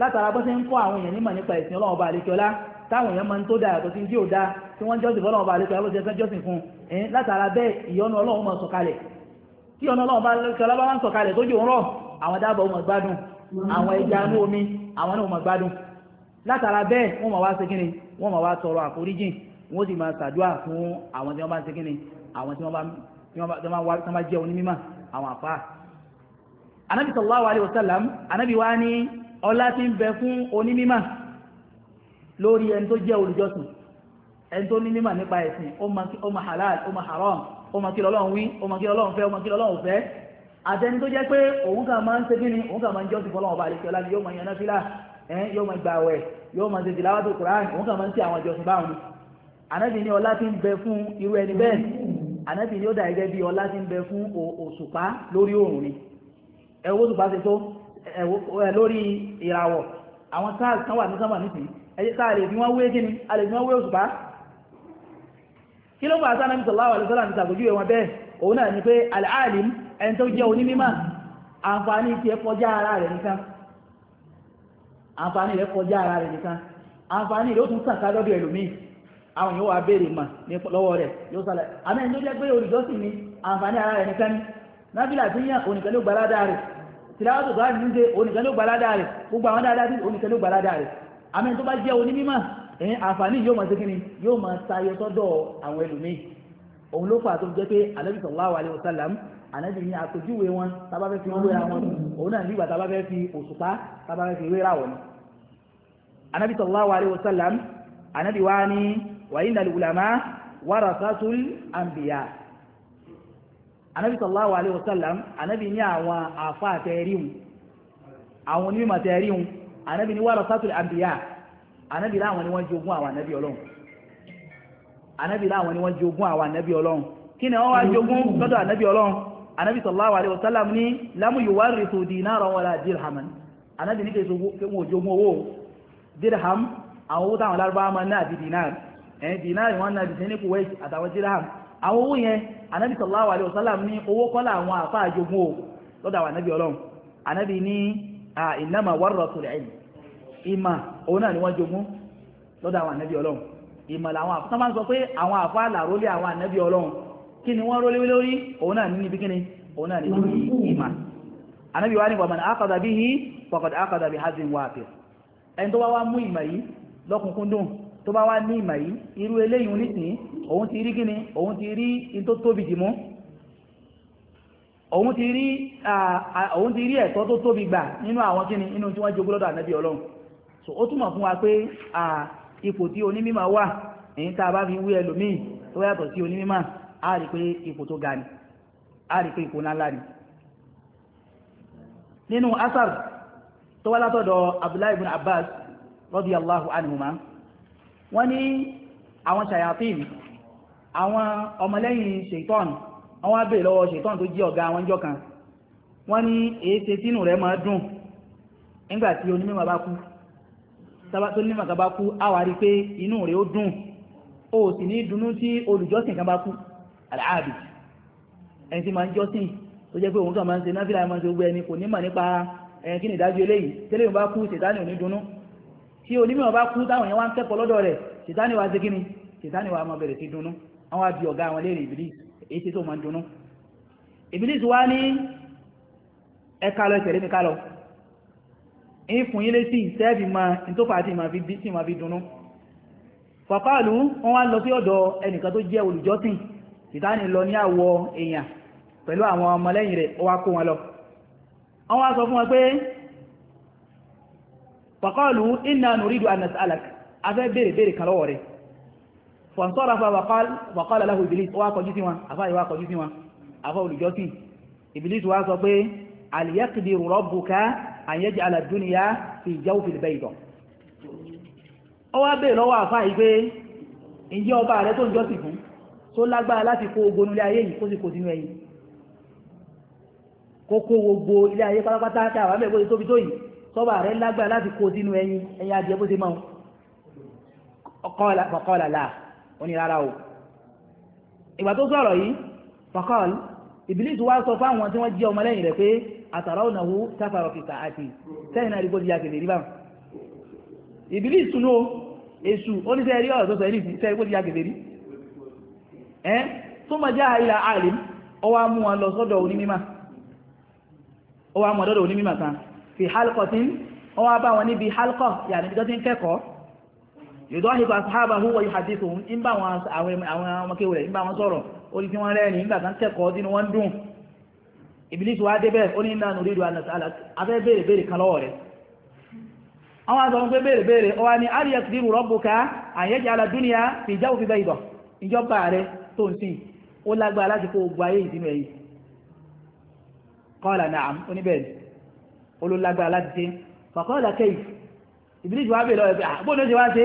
látara bó ṣe ń kọ́ àwọn èèyàn nímọ̀ nípa ìsìn ọlọ́run ọba àlejò ọlá táwọn èèyàn máa ń tó dáa yàtọ̀ sí tí ò dáa tí wọ́n jọ́sìn fọlọ́run ọba àlejò ọlá ló jẹ́ fẹ́ jọ́sìn fún un látara bẹ́ẹ̀ ìyọ́nú ọlọ́run máa sọ̀kalẹ̀ tí ọ̀nà ọlọ́run bá ń sọ̀kalẹ̀ tó jò ń rọ̀ àwọn dábà ó máa gbádùn àwọn ẹja inú omi àwọn náà máa gbádùn látara bẹ́ẹ̀ wọ́n máa wá ṣe kíni wọ́n máa wá tọrọ àforíjìn wọ́n sì máa ṣàdúrà fún àwọn tí wọ́n bá ń ṣe kíni àwọn tí wọ́n bá jẹ́ onímọ̀ àwọn àfa anabi sallallahu alayhi wa sallam anabi wa ni ọlá tí ń bẹ fún onímímà lórí ẹni tó jẹ́ olùjọ́sìn ẹni tó nímímà nípa ẹ̀sìn ó ma halal ó ma haram ó ma kí lọ́lọ́run wí ó ma kí lọ́lọ́run fẹ́ ó ma kí lọ́lọ́run fẹ́ àtẹni tó jẹ́ pé òun kà máa ń ṣe kí ni òun kà máa ń jọ́sìn fọlọ́wọ́n bá àlejò ọlá ni yóò máa yan náfìlà yóò máa gbà wẹ̀ yóò máa ṣe tìláwàtò kùránì òun kà máa ń ṣe àwọn ìjọsìn báwọn ànábì ní ọlá ti ń bẹ fún irú ẹni bẹ́ẹ̀ ànábì ní ó dà gẹ́gẹ́ bí ọlá ti ń bẹ fún òṣùpá lórí òòrùn ni ẹ̀wọ́ òṣùpá ti tó lórí ìràwọ̀ àwọn sáà kan wà ní sábà nísìnyí ẹ̀yẹ sáà a lè fi wọ́n wé òṣùpá kí ló fà á sáà náà ní sọ̀lá wà lọ́sọ́lá ní sàkójú ẹ̀wọ̀n bẹ́ẹ̀ òun náà ni ẹni tó jẹ́ onímímọ̀ àǹfààní ti ẹ kọjá ara rẹ̀ nìkan àǹfààní rẹ̀ kọjá ara rẹ̀ nìkan àǹfààní rẹ̀ ó tún tàn ká lọ́dọ̀ ẹlòmíì àwọn yóò wá béèrè mà lọ́wọ́ rẹ̀ yóò sálẹ̀ àmì ẹni tó jẹ́ pé olùjọ́sìn ni àǹfààní ara rẹ̀ nìkan ni nábìlà tí yàn onìkan ló gbalada rẹ̀ tìlàwọ́tò tó àrùn níṣe onìkan ló gbalada rẹ̀ gbogbo àwọn dáadáa sí onìkan ló gbalada rẹ̀ àmì ẹni tó bá jẹ́ onímímọ̀ ẹ̀yìn àǹfààní yóò máa ṣe kíni yóò máa tayọ sọ́dọ̀ àwọn ẹlòmíì òun ló fà tó jẹ́ pé alẹ́ ànábì ní àpèjúwe wọn tábà fẹ́ fi wọ́n wéra wọn òun náà nígbà tábà fẹ́ fi òṣùpá tábà fẹ́ fi wéra wọn. ànábì sallallahu alayhi wa sallam ànábì wa ni wa innal ulama warasatul anbiya. ànábì sallallahu alayhi wa sallam ànábì ní àwọn àfa àtẹ̀ríhùn àwọn onímọ̀ àtẹ̀ríhùn ànábì ní warasatul anbiya ànábì láwọn ni wọ́n jogún àwọn ànábì ọlọ́run ànábì láwọn ni wọ́n jogún àwọn ànábì ọlọ́run kí ni wọ́n wá jogún lọ́dọ̀ ànábì ọlọ́run anábì sallallahu alaihi wasallam ní lámú yuwarithu dinaran wala dirhaman anábì ní kèsò wọn òjòmú owó dirham àwọn owó táwọn lárúbáwá máa náà di dinar ẹ̀ dinar wọn náà di sí ní kuwait àtàwọn dirham àwọn owó yẹn anábì sallallahu alaihi wasallam ní owó kọ́lá àwọn àfá àjogún o lọ́dà wà nábì ọlọ́run anábì ní innama warrathul ilm ìmà òun náà ni wọ́n jogún lọ́dà wà nábì ọlọ́run ìmà làwọn àfá sọ pé àwọn àfá làrólé àwọn ànábì ọlọ́run kí ni wọ́n rólé lórí òun náà níbi kí ni òun náà níbi ìmà anábì wá ní wàmàn ákàdà bí i pọ̀kọ̀d ákàdà bí hazin wà pẹ̀ ẹni tó bá wá mú ìmà yìí lọ́kùnkúndùn tó bá wá ní ìmà yìí irú eléyìn nìsín òun ti rí kí ni òun ti wa pé ipò tí onímímà wà èyí tá fi wí ẹlòmíì tó yàtọ̀ sí onímímà a rí pé ipò tó ga ni a rí pé ipò ńláńlá ni nínú asar tó wá látọ̀dọ̀ abdullahi ibn abbas radiyallahu anhuma wọ́n ní àwọn shayatin àwọn ọmọlẹ́yìn shaitan àwọn abèrè lọ́wọ́ shaitan tó jí ọ̀gá àwọn ìjọ kan wọ́n ní èése tínú rẹ̀ máa dùn nígbà tí onímọ̀ bá kú tó nímọ̀ kan bá kú àwárí pé inú rẹ̀ ó dùn ó sì ní dunú tí olùjọ́sìn kan bá kú aláàbì ẹni tí máa ń jọ́sìn tó jẹ́ pé òun kàn máa ń ṣe náfìlà máa ń ṣe gbogbo ẹni kò ní mọ̀ nípa ẹni kí ni ìdájọ́ eléyìí tẹ́lẹ̀ yóò bá kú ṣètánì òní dunnú tí onímọ̀ bá kú táwọn yẹn wá ń kẹ́kọ̀ọ́ lọ́dọ̀ rẹ̀ ṣètánì wa ṣe kíni ṣètánì wa máa bẹ̀rẹ̀ sí dunnú àwọn àbí ọ̀gá àwọn léèrè ìbílí èyí tí tó máa ń dunnú ìbílí wa ní ẹ̀ka lọ ìṣẹ̀lẹ̀ mi ká lọ ìfún yín létí ìṣẹ́ẹ̀bì máa ń tó fà á tí máa fi dunnú fàkọ́ọ̀lù wọn wá lọ sí ọ̀dọ̀ ẹnìkan tó jẹ́ olùjọ́sìn ìtàní lọ ní àwọ èèyàn pẹ̀lú àwọn ọmọlẹ́yìn rẹ̀ ó wá kó wọn lọ wọ́n wá sọ fún wọn pé faqalu inna nuridu an nas'alak afẹ́ béèrè béèrè kan lọ́wọ́ rẹ̀ fansarafa wa qala lahu Iblis ó wá kọjú sí wọn lọ́wọ́ àfá yìí pé ǹjẹ́ ọba rẹ̀ tó ń jọ́sìn fún tó lágbára láti kó ogun ilé ayé yìí kó sì kò sínú ẹ̀yìn kó kó gbogbo ilé ayé pátápátá ká àwọn mẹ́gbẹ́ tóbi tó yìí sọ́bà rẹ̀ lágbára láti kó sínú ẹ̀yìn ẹ̀yìn adìẹ bó ṣe máa kọ́ọ̀lá là wọ́n ní rárá o ìgbà tó sọ̀rọ̀ yìí fakọ́ọ̀l ìbílísì wá sọ fáwọn tí wọ́n jẹ́ ọmọlẹ́yìn rẹ̀ pé àtàrà ọ̀nà wo sáfàrọ̀ fìkà àti sẹ́yìn náà rí ẹ́ tó mọ̀ já ilẹ̀ alim ó wá mú wọn lọ sọ́dọ̀ onímímà a wá mú ọdọ́dọ̀ onímímà kan fi halkọ̀ tí ó wá bá wọn níbi halkọ̀ yà níbi tó ti ń kẹ́kọ̀ọ́ yòdọ́hìkọ asáhábàhú wọ ìhàdìsò ń bá wọn àwọn ọmọkéwò rẹ̀ ń bá wọn sọ̀rọ̀ ó wọn dùn ìbílísì wọn fi fi ìjọba rẹ tó ń sìn ó lágbára láti kó gbogbo ayé ìdínú ẹ̀yìn kọ́ọ̀lá náà oníbẹ̀rẹ̀ olólágbára láti ṣe fàkọ́ọ̀lá kẹ́yì ìbílíjì wá bèèrè ọ̀rẹ́ pé àbóòdó ṣe wá ṣe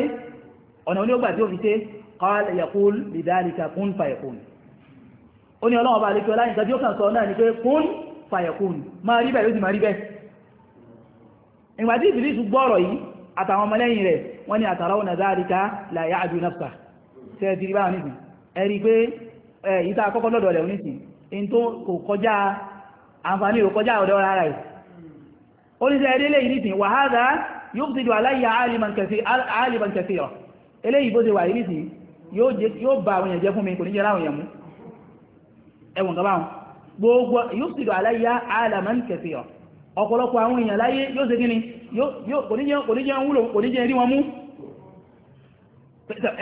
ọ̀nà onígbà tí ó fi ṣe kọ́ọ̀lá yẹ̀kún lidhalika kún fàyẹ̀kún ó ní ọlọ́wọ́ bá lè fi ọlá nǹkan tí ó kàn sọ náà ni pé kún fàyẹ̀kún máa rí bẹ́ẹ̀ yóò sì máa rí bẹ́ẹ̀ ìgbà tí ìbílíjì gbọ́ ọ̀rọ̀ yìí àtàwọn ọmọlẹ́yìn rẹ̀ wọ́n ní àtàrà ọ̀nà dhalika la ya'du nafsa tẹ́ẹ̀tìrí bá nìsìn ẹ̀rí pé ìta àkọ́kọ́ lọ́dọ̀ rẹ̀ onísìn in tó kò kọjá àǹfààní ò kọjá ọ̀dọ̀ ara rẹ̀ ó ní sẹ́ẹ̀rí eléyìí nìsìn aliman kathira eléyìí bó ti wà nìsìn yóò ba àwọn èèyàn jẹ́ fún mi kò ní jẹ́ láwọn èèyàn mú ti dùn aláyà aliman kathira ọ̀pọ̀lọpọ̀ àwọn èèyàn láyé yóò ṣe kí ni kò ní jẹ́ wúlò kò ní jẹ́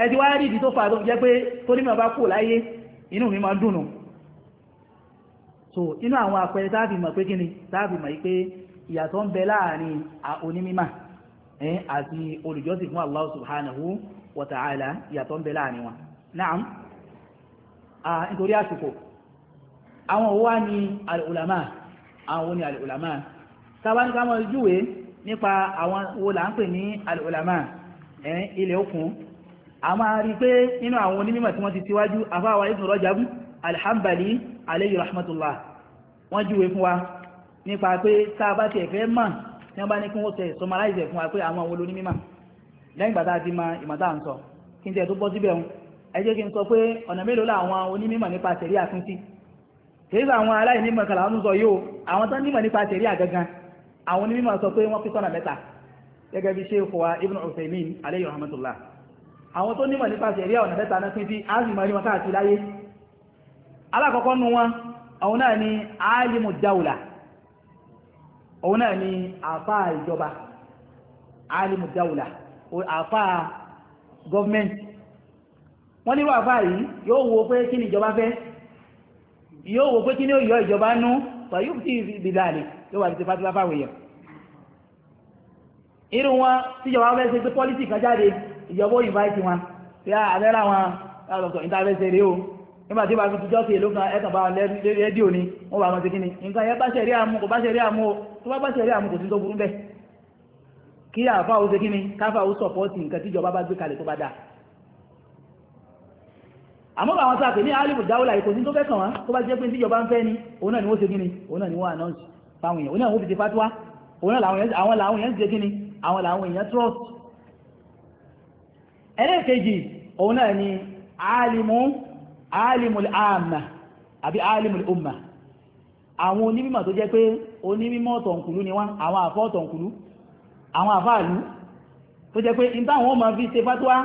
ẹ̀dí wá rí ìdí tó fà tó jẹ́ pé tó ní bàbá kò láyé inú mi máa dùnù so inú àwọn àpẹẹrẹ táàbì mọ̀ pé kíni táàbì mọ̀ pé ìyàtọ̀ ń bẹ láàrin onímímà àti olùjọ́sìn fún Allah subhanahu wa ta'ala ìyàtọ̀ ń bẹ láàrin wọn naam nítorí àsìkò àwọn òwá ni a máa rí pé nínú àwọn onímọ̀ tí wọ́n ti síwájú afáwa ibn Rajab al-Hanbali alayhi rahmatullah wọ́n júwe fún wa nípa pé tá a bá ti ẹ̀fẹ́ mọ̀ tí wọ́n bá ní kí wọ́n tẹ̀ summarize fún wa pé àwọn àwọn olónímọ̀ lẹ́yìn gbàtà ti mọ ìmọ̀tà ń sọ kí n tẹ̀ tó bọ́ síbẹ̀ ń ẹ jẹ́ kí n sọ pé ọ̀nà mélòó làwọn onímọ̀ nípa tẹ̀rí àfin sí kìí sọ àwọn aláìnímọ̀ kan làwọn sọ yóò àwọn tó nímọ̀ nípa tẹ̀rí àgangan àwọn onímọ̀ sọ pé wọ́n fi sọ́nà mẹ́ta gẹ́gẹ́ bí ṣe fọwọ́ ibn Uthaymeen alayhi rahmatullah àwọn tó nímọ̀ nípa ṣẹ̀rí ọ̀nà mẹ́ta náà pín sí azìmọ̀ rí wọn káàkiri láyé alákọ̀ọ́kọ́ nú wọn àwọn náà ni alimu daula òun náà ni àfá ìjọba alimu daula àfá gọ́ọ̀mẹ́ntì wọ́n nílò àfá yìí yóò wo pé kí ni ìjọba fẹ́ yóò wo pé kí ni ó yọ ìjọba nú pẹ̀lú yóò ti bìdáàlì yóò wà ní ti fásilá fáwọ̀ èèyàn irú wọn tíjọba fẹ́ ṣe pé pọ́lítì kan jáde ìjọba ó invite wọn pé àbẹ́rẹ́ àwọn àlọ́sọ̀ ìtafẹ́sẹ̀ rèé o nígbà tí bàbá tuntun jọ́sìn ìlú kan ẹ̀kan bá rédíò ni wọ́n bá wọn ti kí ni nǹkan yẹn bá ṣẹ̀rí àmú kò bá ṣẹ̀rí àmú o tó bá bá ṣẹ̀rí àmú kò sí tó burú bẹ́ẹ̀ kí àfa ó ṣe kí ni káfa ó sọ̀pọ̀tì nǹkan tíjọba bá gbé kalẹ̀ tó bá dáa àmọ́ bá wọn sáà pé ní alibu dáwọ́lá ìkò ní tó fẹ́ kàn wá tó bá jẹ́ pé tíjọba ń fẹ́ ni òun náà ni wọ́n ṣe gíní òun náà ni wọ́n announce fáwọn èèyàn òun náà wọ́n fi ti fatuwa òun náà làwọn èèyàn ṣe gíní àwọn làwọn èèyàn trust ẹlẹ́ẹ̀kejì òun náà ni alimu alimul amma àbí alimul umma àwọn onímọ̀ tó jẹ́ pé onímọ̀ tọ̀nkùlú ni wọ́n àwọn àfọ́ tọ̀nkùlú àwọn àfáàlú tó jẹ́ pé in táwọn ọmọ fi ṣe fátúwá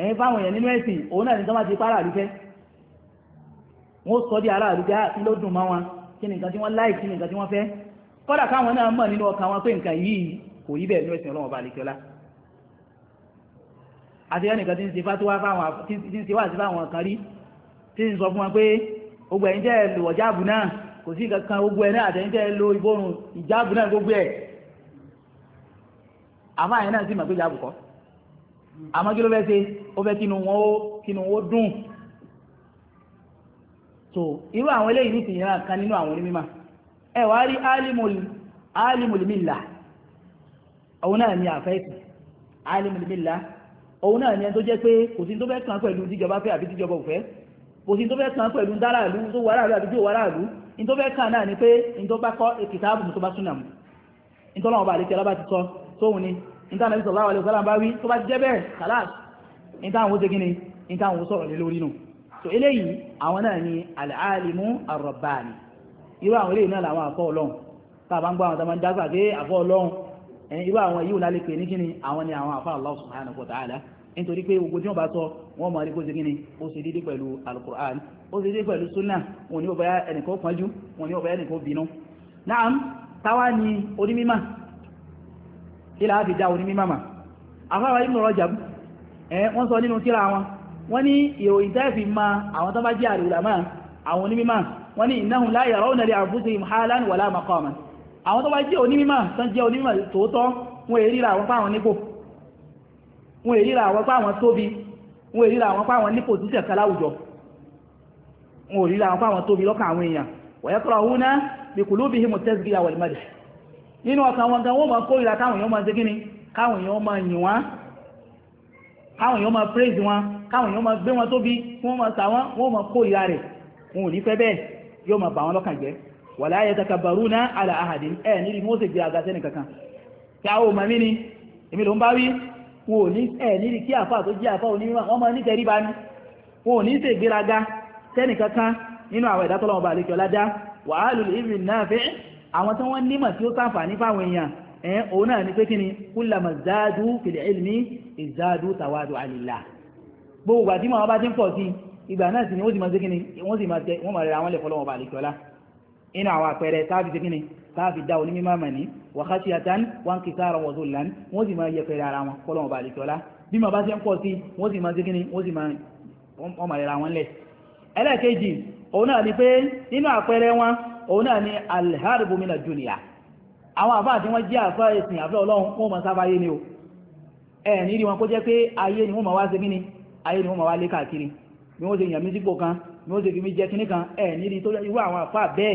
ẹ̀yìn fáwọn èèyàn nínú ẹ̀sìn òun náà ni tó bá ti párà àrífẹ́ wọ́n sọ di ara àrífẹ́ ah, kí ló dùn mọ́ wọn kí nìkan tí wọ́n nìkan tí wọ́n fẹ́ kọ́dà káwọn náà mọ̀ nínú wọn pé nǹkan yìí kò yí àti ẹnìkan tí ń ṣe fátíwá fáwọn tí ń ṣe wà sí fáwọn kan rí tí ń sọ fún wọn pé gbogbo ẹ̀yin tẹ́ ẹ lò ọ̀jáàbù náà kò sí nǹkan kan ẹ̀ náà àtẹ̀yìn tẹ́ ẹ lo ìjáàbù náà gbogbo ẹ̀ àmọ́ àyẹ̀ náà sì mọ̀ ìjáàbù kọ́ àmọ́ kí ló fẹ́ ṣe ó fẹ́ kínú wọn ó kínú wọn ó dùn so irú àwọn eléyìí ní ìsìnyẹ́ra kan nínú àwọn onímọ̀ ẹ wá rí alimul milla òun náà ni àfẹ́ ìsìn alimul milla òun náà ni ẹni tó jẹ́ pé kò sí tó fẹ́ kàn pẹ̀lú tíjọba fẹ́ àbí tíjọba ò fẹ́ kò sí tó fẹ́ kàn pẹ̀lú dáràlú tó wà ráàlú àbí tí ò wà ráàlú ní tó fẹ́ kàn náà ni pé ní tó bá kọ́ kìtàbù tó bá súnà mù ní tó lọ́wọ́ bá àlejò alábàtí sọ tóun ni ní táwọn ẹ̀sọ̀ láwàlẹ̀ ọ̀sán bá wí tó bá jẹ́ bẹ́ẹ̀ kàláàs ní táwọn ó ṣe ni ní táwọn ó sọ̀rọ̀ lé lórí nù so eléyìí àwọn náà ni al-alimu irú àwọn eléyìí náà làwọn àfọ́ ọlọ́run tá a bá ń gbọ́ àwọn tá a máa ń dágbà pé àfọ́ ọlọ́run irú àwọn yìí lálẹ́ pé ní kí ni àwọn ni àwọn àfa Allah subhanahu wa ta'ala nítorí pé gbogbo tí wọ́n bá sọ wọ́n mọ̀ àríkó ṣe kí ni ó ṣe dédé pẹ̀lú alukur'an ó ṣe dédé pẹ̀lú sunna wọn ni ó bá ẹnìkan pọ́njú wọn ni ó bá ẹnìkan bínú naam táwa ni onímímà ilà á fi dá onímímà mà àfáwà Ibn Rajab ẹ wọ́n sọ nínú kíra wọn wọ́n ní ìròyìn tẹ́ ma àwọn tó bá jẹ́ àrùlámà àwọn onímímà wọ́n ní innahum la yarawna li anfusihim halan àwọn tó bá jẹ́ onímọ̀ tán jẹ́ onímọ̀ tòótọ́ wọn èríra àwọn fáwọn nípò wọn èríra àwọn fáwọn tóbi wọn èríra àwọn fáwọn nípò títẹ̀ kaláwùjọ wọn ò ríra àwọn fáwọn tóbi lọ́kàn àwọn èèyàn wọ̀yẹ́kọ́rọ̀ òun náà bí kò lóbi himu tẹ́sìgì àwọn ìmọ̀dẹ̀ nínú ọ̀sán wọn wàlá yatakabaruna ala ahadin ẹ̀ níbi wọ́n sì gbé aga sẹ́nì kankan kí a ó ma mí ni èmi ló ń bá wí wọn ò ní ẹ̀ níbi kí àfa tó jẹ́ àfa òní wọn máa ní tẹ̀rí ba ni wọn ò ní sì gbéraga sẹ́nì kankan nínú àwọn ìdá tọ́lọ́mọba àlejò ládá wàhálù ìrìn náà fẹ́ àwọn tí wọ́n nímọ̀ tí ó sàǹfààní fáwọn èèyàn ẹ̀ òun náà ni pé kí ni kullama zadu fil ilmi izadu tawadu alillah gbogbo àti mọ̀ wọn bá ti ń pọ̀ sí ìgbà náà sì ni wọ́n sì máa ṣe kí ni wọ́n sì máa rẹ̀ àwọn lẹ̀kọ́ lọ́wọ́ bá àlejò inú àwọn àpẹẹrẹ táàbì ti kíni táàbì dá oní mímọ́ mọ̀ ní wàhásí àtàn wọn kì sára wọn zòlá ní wọ́n sì máa yẹpẹrẹ ara wọn kọ́ lọ́wọ́ balẹ̀ tọ́lá bí màá bá ṣe ń pọ̀ sí wọ́n sì máa ṣe kíni wọ́n sì máa wọ́n màlera wọn lẹ̀. ẹlẹ́ẹ̀kejì òun náà ni pé nínú àpẹẹrẹ wọn òun náà ni alharibu mina dunia àwọn àfáà tí wọ́n jẹ́ àfáà ẹ̀sìn àfẹ́ ọlọ́run wọ́n máa sábà ayé ni o ẹ̀ ní rí wọn kó jẹ́ pé ayé ni wọ́n máa wá ṣe kíni ayé ni wọ́n máa wá lé káàkiri bí wọ́n ṣe yàn mí sípò kan bí wọ́n ṣe fi mí jẹ kan ẹ̀ ní rí tó irú àwọn àfáà bẹ́ẹ̀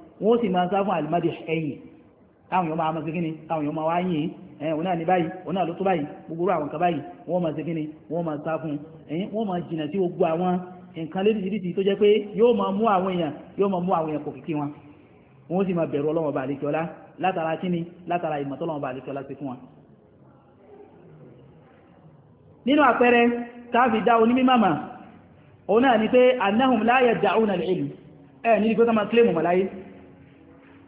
wọ́n sì máa ń sá fún àlùmọ́dé ẹ̀yìn táwọn yóò máa ma ṣe kíni táwọn yóò máa wá yìn ẹ̀yìn òun náà ní báyìí òun náà ló tó báyìí gbogbo àwọn nǹkan báyìí wọ́n máa ṣe kíni wọ́n máa sá fún ẹ̀yìn wọ́n máa jìnnà sí gbogbo àwọn nǹkan lóríṣiríṣi tó jẹ́ pé yóò máa mú àwọn èèyàn yóò máa mú àwọn èèyàn kò kìkì wọn wọ́n sì máa bẹ̀rù ọlọ́wọ́n bá àlejò ọlá látara kíni látara ìmọ̀tọ́lọ́wọ́n bá àlejò ọlá pé annahum la yad'una al-ilm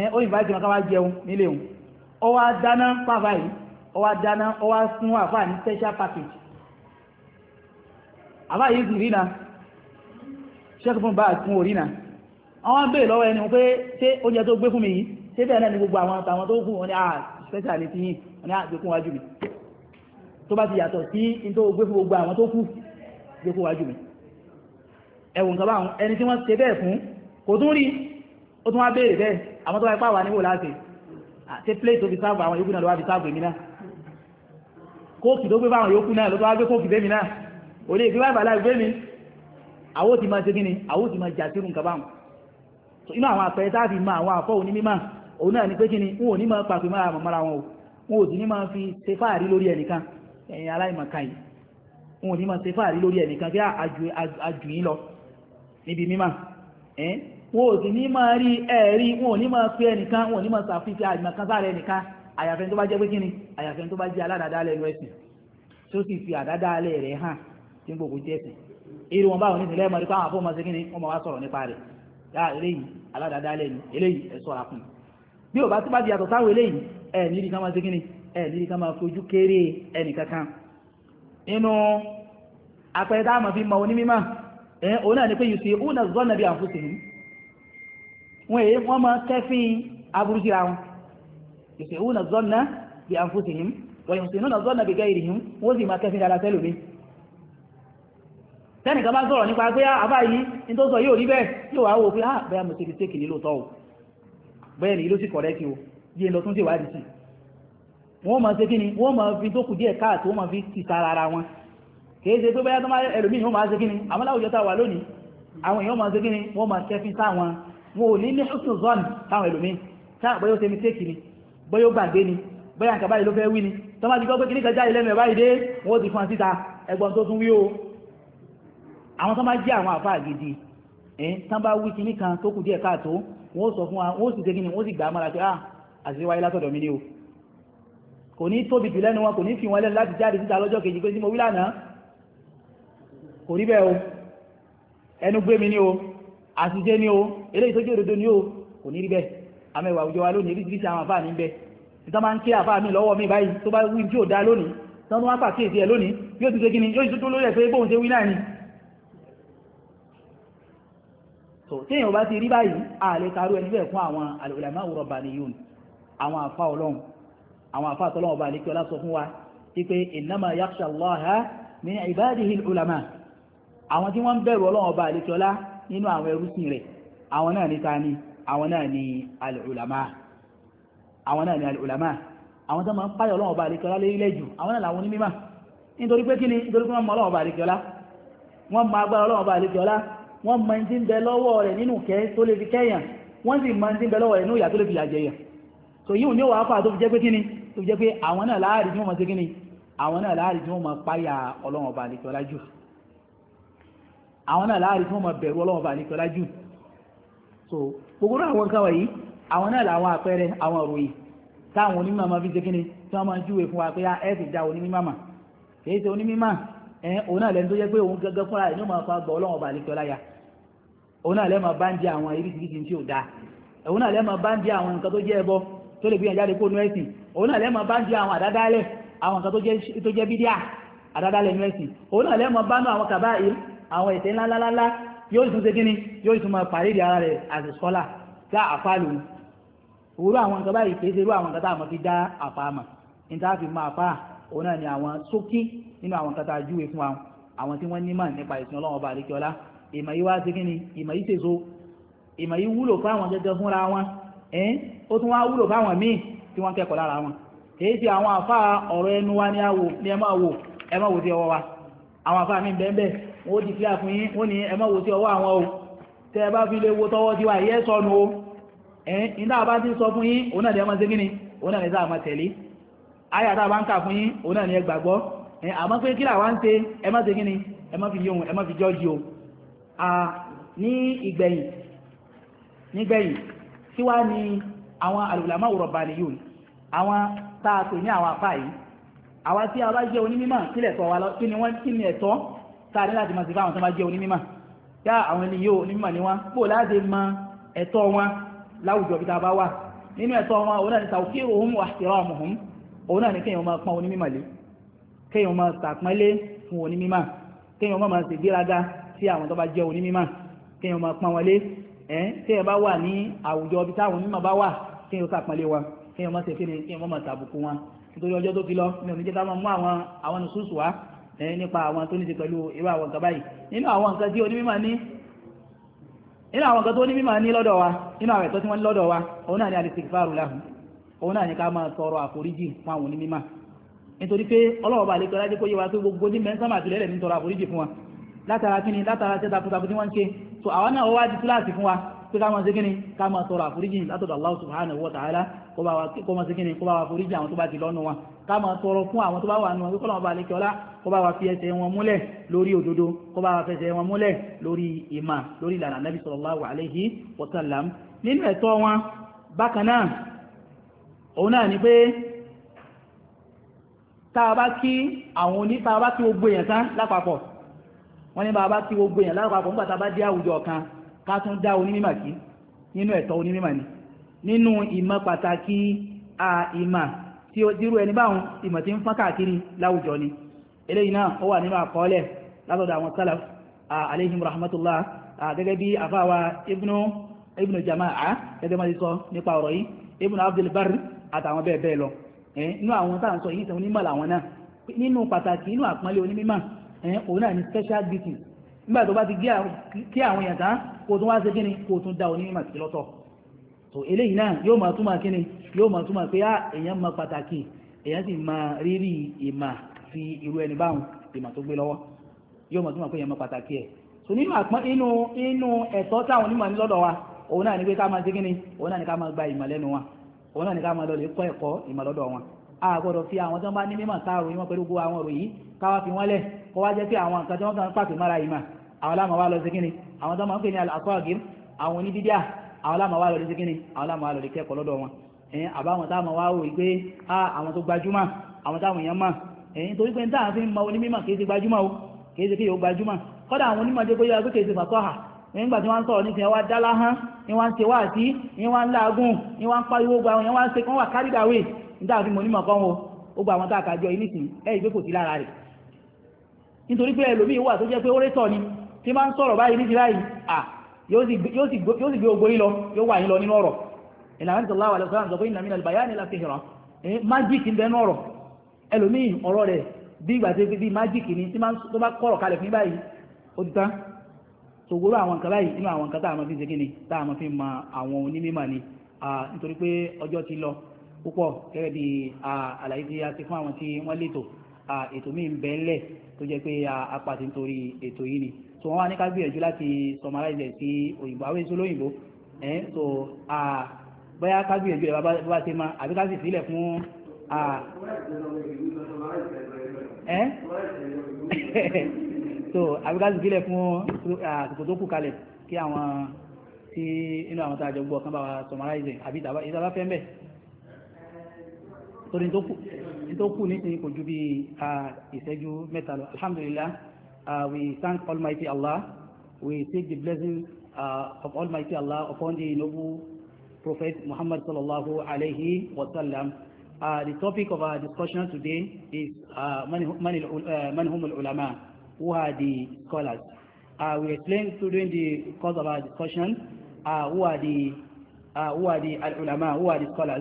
ẹ̀ ó invite wọn ká wá jẹun nílé wọn ó wá dáná pàfà yìí ó wá dáná ó wá fún àfà ní special package àfà yìí sì rínà sheikh fún bá àtún òrínà àwọn bèèrè lọ́wọ́ ẹni pé ṣé oúnjẹ tó gbé fún mi yìí ṣé bẹ́ẹ̀ náà ni gbogbo àwọn àtàwọn tó kù wọn ni àà special ní ah, ti yín wọn ni àà ah, gbé fún wájú mi tó bá ti yàtọ̀ sí in tó gbé fún gbogbo àwọn tó kú gbé fún wájú mi ẹ̀wùn kan báwọn ẹni tí wọ́n ṣe bẹ́ẹ̀ fún kò tún rí ó tún wá béèrè bẹ́ẹ̀ àwọn tó wáyé pàwà níwò láti àti plate tó fi sáàbù àwọn yókù náà ló wá fi sáàbù èmi náà kóòkì tó gbé fáwọn yókù náà ló tó wá gbé kóòkì fẹ́mi náà ò lè gbé wáyé bàlá ìgbé mi àwọn ti máa ṣe gíní àwọn ti máa jà sírun kaba inú àwọn àpẹẹrẹ tá a fi máa àwọn àfọ òní mímà òun náà ni pé kíni wọn ò ní máa pàpè mára àmọ́ mara wọn o wọn ò sì ní máa fi ṣe fáàrí lórí ẹnìkan ẹ̀yin aláìmọ̀kan yìí wọn ò ní máa ṣe fáàrí lórí ẹnìkan kí àjù yín lọ níbi mímà wọn ò sì ní máa rí ẹ̀rí wọn ò ní máa fi ẹnìkan wọn ò ní máa ṣàfihàn àjùmọ̀kan sára ẹnìkan àyàfẹ́ tó bá jẹ́ pé kíni àyàfẹ́ tó bá jẹ́ aládàáda lẹ́nu ẹ̀sìn tó sì fi àdáda alẹ́ rẹ̀ hàn tí ń gbogbo jẹ́ ẹ̀sìn irú wọn báwọn nítorí lẹ́ẹ̀mọ́ nípa àwọn afọ́mọ́ sí wọ́n máa wá sọ̀rọ̀ nípa rẹ̀ eléyìí aládàáda wọn èyí wọ́n máa kẹ́fín aburú síra wọn yòsèwúnà zọ́nà bí anfusihim wọ́n yòsèwúnà zọ́nà bí gairihim wọ́n sì máa kẹ́fín dára sẹ́lòmí tẹ́nìkan bá sọ̀rọ̀ nípa pé àbá ah, yìí ní tó sọ yóò rí bẹ́ẹ̀ yóò wá wò pé ah bẹ́ẹ̀ mo ti fi tẹ́kì nílò tọ́ o bẹ́ẹ̀ ni ló sì kọ̀rẹ́ kí o yé lọ tún sí ìwádìí sí wọ́n máa ṣe kí ni wọ́n máa fi tó kù díẹ̀ káàtó wọ́n máa fi ti sára ara wọn kìí ṣe pé bẹ́ẹ̀ tó máa ẹlòmíì wọ́n máa ṣe kí ni àmọ́ láwùjọ tá a wà lónìí àwọn èèyàn máa ṣe kí ni wọ́n máa kẹ́fín sáwọn wọn ò ní ní husnul zan táwọn ẹlòmíì táwọn bọ́yọ́ ṣe mistake ni bọ́yọ́ gbàgbé ni bọ́yọ́ nǹkan báyìí ló fẹ́ wí ni tó bá ti gbọ́ pé kí ní kan jáde lẹ́nu ẹ̀ báyìí dé wọ́n ti fún síta ẹgbọ́n tó tún wí o àwọn tó bá jẹ́ àwọn àfáà gidi ẹ̀ tán bá wí kíní kan tó kù díẹ̀ káàtó wọ́n sọ fún wa wọ́n sì ṣe kíni wọ́n sì gbà á mọ́ra pé ah, àṣírí wáyé látọ̀dọ̀ mi ni o kò ní tóbi jù lẹ́nu wọn kò ní fi wọn lẹ́nu láti jáde síta lọ́jọ́ kejì pé sí mo wí lánàá kò rí bẹ́ẹ̀ o ẹnu gbé mi ni o àṣìṣe ni o eléyìí tó jẹ́ òdodo ni o kò ní rí bẹ́ẹ̀ àmọ́ ìwà àwùjọ wa lónìí eréṣiríṣi àwọn àfáà ní bẹ́ẹ̀ ìtàn máa ń kí àfáà mi lọ́wọ́ mi báyìí tó bá wí tí ò dá lónìí tán tó wá pàkíyèsí ẹ lónìí yóò ti ṣe kí ni yóò ti tó lórí ẹ̀ pé bóun ṣe wí náà ni so téèyàn bá ti rí báyìí a karú ẹni bẹ́ẹ̀ fún àwọn alùlẹ̀mọ́ àwọn àfa ọlọ́run nínú àwọn ẹrúsìn rẹ̀ àwọn náà ní tani àwọn náà ní al-ulama àwọn náà ní al-ulama àwọn tó máa ń páyọ̀ ọlọ́wọ́ bá àríkẹ́lá lérílẹ̀ jù àwọn náà làwọn onímímà nítorí pé kí ni nítorí pé wọ́n mọ ọlọ́wọ́ bá àríkẹ́lá wọ́n mọ agbára ọlọ́wọ́ bá àríkẹ́lá wọ́n mọ ní bẹ lọ́wọ́ rẹ̀ nínú kẹ́ tó lè so yíò ní ó wà fà tó fi jẹ́ pé kí ni tó fi jẹ́ pé àwọn náà láàrín tí wọ́n mọ sí kí ni àwọn náà láàrín tí wọ́n mọ páyà ọlọ́wọ́ bá àríkẹ́lá jù àwọn náà láàrin tí wọ́n máa bẹ̀rù ọlọ́run bá ní kọlá jù so gbogbo náà àwọn nǹkan wọ̀nyí àwọn náà làwọn àpẹẹrẹ àwọn òròyìn táwọn onímọ̀ máa fi ṣe kíni tí wọ́n máa júwe fún wa pé ah, ẹ ti da onímọ̀ mà kìí ṣe onímọ̀ ẹ òun náà lẹ́nu tó jẹ́ pé òun gẹ́gẹ́ fúnra rẹ̀ ní òun àfa gbọ́ ọlọ́run bá ní kọlá ya òun náà lẹ́mọ̀ bá ń jẹ àwọn irisirisi tí ò da òun náà lẹ́mọ̀ bá ń jẹ àwọn nǹkan tó jẹ́ ẹbọ tó lè gbìyànjú àdékò nú ẹ̀sìn òun náà lẹ́mọ̀ bá ń jẹ àwọn ètè ńláńláńlá yóò tún ṣe kí ni yóò tún máa pàrí ara rẹ̀ as a scholar gá àfáàlù òwúrọ̀ àwọn nǹkan báyìí kì í ṣe irú àwọn nǹkan tá a mọ̀ fi dá àfà mọ̀ ní tá a fi máa fà òun náà ni àwọn sókí nínú àwọn nǹkan tá a júwe fún àwọn àwọn tí wọ́n ní mọ̀ nípa ìsìn ọlọ́run ọba àríkíọlá ìmọ̀ yìí wá ṣe kí ni ìmọ̀ yìí ṣèso ìmọ̀ yìí wúlò fáwọn gẹ́gẹ́ fúnra wọn ẹ́n ó tún wá wúlò fáwọn míì tí wọ́n kẹ́kọ̀ọ́ lára wọn èyí tí àwọn àfáà ọ̀rọ̀ ẹnu wa ní ẹ máa wò ẹ máa wò sí ọwọ́ wa àwọn àfáà mi bẹ́ẹ̀ bẹ́ẹ̀ wọ́n ti fi àfún yín wọ́n ní ẹ má wo sí ọwọ́ àwọn o tẹ́ ẹ bá fi lè wo tọwọ́ tiwa yẹ́ sọnù o ẹ̀yìn ìdá bá ti sọ fún yín òun náà ni ẹ máa ṣe kíni òun náà ni sáà máa tẹ̀lé ayé àtà bá ń kà fún yín òun náà ni ẹ gbàgbọ́ àmọ́ pé kí làwọn ń ṣe ẹ má ṣe kíni ẹ má fi yí ohun ẹ fi jọ́ọ̀jì o ní ìgbẹ̀yìn nígbẹ̀yìn tí wá ní àwọn alùlámà òrọ̀bà nìyí àwọn tá a pè ní àwọn àfáà yìí àwa tí a bá jẹ́ onímọ̀ kílẹ̀ tọ́ wa lọ kí ni ẹ̀tọ́ táà ní láti máa ṣe fáwọn tó máa jẹ́ onímímà yá àwọn ẹni yóò onímímà ni wọ́n pò láti mọ ẹ̀tọ́ wọn láwùjọ bí ta bá wà nínú ẹ̀tọ́ wọn òun náà ni tawqiruhum wa ihtiramuhum òun náà ni kéèyàn máa pọ́n onímímà lé kéèyàn máa ṣàpọ́nlé fún onímímà kéèyàn máa ṣe gbéraga sí àwọn tó bá jẹ́ onímímà kéèyàn máa pọ́n wọn ẹ̀ kéèyàn bá wà ní àwùjọ bí táwọn onímímà bá wà kéèyàn ṣàpọ́nlé wọn kéèyàn máa Eh, nípa àwọn tó ní ti pẹ̀lú irú àwọn nǹkan báyìí nínú àwọn nǹkan tí onímọ̀ ní nínú àwọn nǹkan tó onímọ̀ ní lọ́dọ̀ wa nínú àwọn ẹ̀tọ́ tí wọ́n ní lọ́dọ̀ wa òun náà ni al-istighfaru lahum òun náà ni ká máa tọrọ àforíjì fún àwọn onímọ̀ nítorí pé ọlọ́wọ́ bá lè tọ́lá jẹ́ kó yé wa pé gbogbo ní mẹ́sàn-án àti lẹ́lẹ̀ ní tọrọ àforíjì fún wa látara so àwọn náà wá di túláàsì fún wa pé ká máa ṣe Allah subhanahu wa ta'ala kó bá wa kó máa ṣe kíni kó bá wa foríjì àwọn tó bá ti lọ́nu wọn ká máa tọrọ fún àwọn tó bá wà nù wọn kó lọ́wọ́ bá lékè ọlá kó bá wa fi ẹsẹ̀ wọn múlẹ̀ lórí òdodo kó bá wa fẹsẹ̀ wọn múlẹ̀ lórí ìmà lórí ìlànà nàbì sallallahu alaihi wa sallam nínú ẹ̀tọ́ wọn bákan náà òun náà ni pé tàbá kí àwọn oní tàbá kí gbogbo èèyàn tán lápapọ̀ wọ́n ní bàbá kí gbogbo èèyàn lápapọ̀ nígbà tàbá dé àwùjọ kan ká tún dá onímọ̀ kí nínú ẹ̀tọ́ onímọ̀ ni nínú ìmọ̀ pàtàkì ìmọ̀ tí ó dírú ẹni báwọn ìmọ̀ tí ń fọ́n káàkiri láwùjọ ni eléyìí náà ó wà nínú àkọọ́lẹ̀ látọ̀dọ̀ àwọn salaf alayhim rahmatullah gẹ́gẹ́ bí àfáwa ibnu ibnu jama'a gẹ́gẹ́ máa ti sọ nípa ọ̀rọ̀ yìí ibnu abdul bar àtàwọn bẹ́ẹ̀ bẹ́ẹ̀ lọ inú àwọn tá à ń sọ yìí special duty nígbà tó bá ti kí àwọn èèyàn da onímọ̀ sí so eléyìí náà yóò ma kini kíni ma máa túmọ̀ pé eyan ah, ma pataki èèyàn sì ma riri ima fi irú ẹni báwọn ìmà to gbe lọ́wọ́ yóò ma túmọ̀ pé èèyàn máa pataki e so nínú àpọ́n inú inú ẹ̀tọ́ táwọn wa o n'ani ni pé ká máa ṣe kíni ni gba ima lenu wa òun náà ni ká máa lọ lè kọ́ a fi fi àwọn aláma wà lórí síkíní àwọn aláma wà lórí kẹ́kọ̀ọ́ lọ́dọ̀ wọn ẹ̀yìn àbáwọn táwọn wá wò pé àwọn tó gbajúmọ̀ àwọn táwọn èèyàn mọ̀ ẹ̀yìn torí pé ń táà fi ń mọ onímọ̀ kìí ṣe gbajúmọ̀ o kìí ṣe kí yóò gbajúmọ̀ kọ́dà àwọn onímọ̀ jẹ́ bóyá kìí ṣe fàtọ́hà nígbà tí wọ́n ń sọ̀rọ̀ ní ìfẹ́ wá dálá hán ní wọ́n ń ṣe wá àti ní wọ́n ń láàgùn ní wọ́n ń pariwo gba àwọn wọ́n ń ṣe kán wà carried away ní táà fi mọ onímọ̀ kan o ó gba àwọn táàkà jọ ilé ìsìn ẹ̀ ìgbé kò sí lára rẹ̀ nítorí pé ẹlòmíì wà tó jẹ́ pé ó rétọ̀ ni tí máa ń sọ̀rọ̀ báyìí ní ti báyìí yóò sì gbé ogbó yìí lọ yóò wà yìí lọ nínú ọ̀rọ̀ ìlànà tó láwà lọ́sọ́rọ̀ àzọ́gbé ìnàmì nàlùbà yá ní láti hìrán májíkì ń bẹ nú ọ̀rọ̀ ẹlòmíì ọ̀rọ̀ rẹ̀ bí ìgbà tí bí májíkì ni tí tó bá kọ̀rọ̀ kalẹ̀ fún báyìí ó ti tán tó gbóró àwọn nǹkan báyìí nínú àwọn nǹkan tá a máa fi ṣe kíni tá a máa fi mọ ni nítorí a ti fún àwọn tí wọ́n létò ètò ń bẹ ńlẹ̀ so wọ́n wá ní ká gbìyànjú láti summarize sí òyìnbó àwọn èso lóyìnbó ẹ̀ so bóyá ká gbìyànjú rẹ̀ bá ṣe máa àbí ká sì sílẹ̀ fún ẹ́ so àbí ká sì sílẹ̀ fún àsìkò tó kù kalẹ̀ kí àwọn tí inú àwọn tá a jọ gbọ́ kán bá wa summarize àbí ìtàbá fẹ́ mbẹ́ torí ní tó kù nísìnyí kò ju bí ìṣẹ́jú mẹ́ta lọ alhamdulillah Uh, we thank Almighty Allah. We seek the blessing uh, of Almighty Allah upon the noble Prophet Muhammad sallallahu alayhi wa sallam. Uh, the topic of our discussion today is uh, Manhum uh, al-Ulama, who are the scholars. Uh, we explained during the course of our discussion uh, who are the uh, who are the al-ulama, who are the scholars.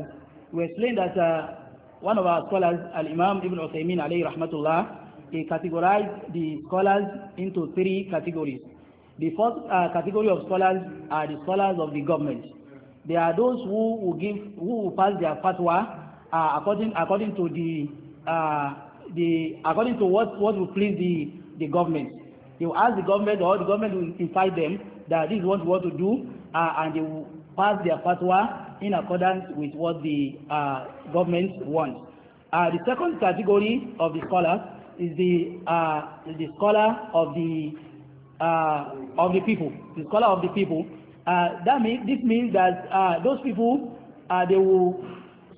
We explained that uh, one of our scholars, Al-Imam Ibn Uthaymeen alayhi rahmatullah, he categorized the scholars into three categories. The first uh, category of scholars are the scholars of the government. They are those who will give, who will pass their fatwa uh, according according to the uh, the according to what what will please the the government. They will ask the government or the government will invite them that this is what we want to do, uh, and they will pass their fatwa in accordance with what the uh, government wants. Uh, the second category of the scholars is the uh, the scholar of the uh, of the people, the scholar of the people. Uh, that means this means that uh, those people uh, they will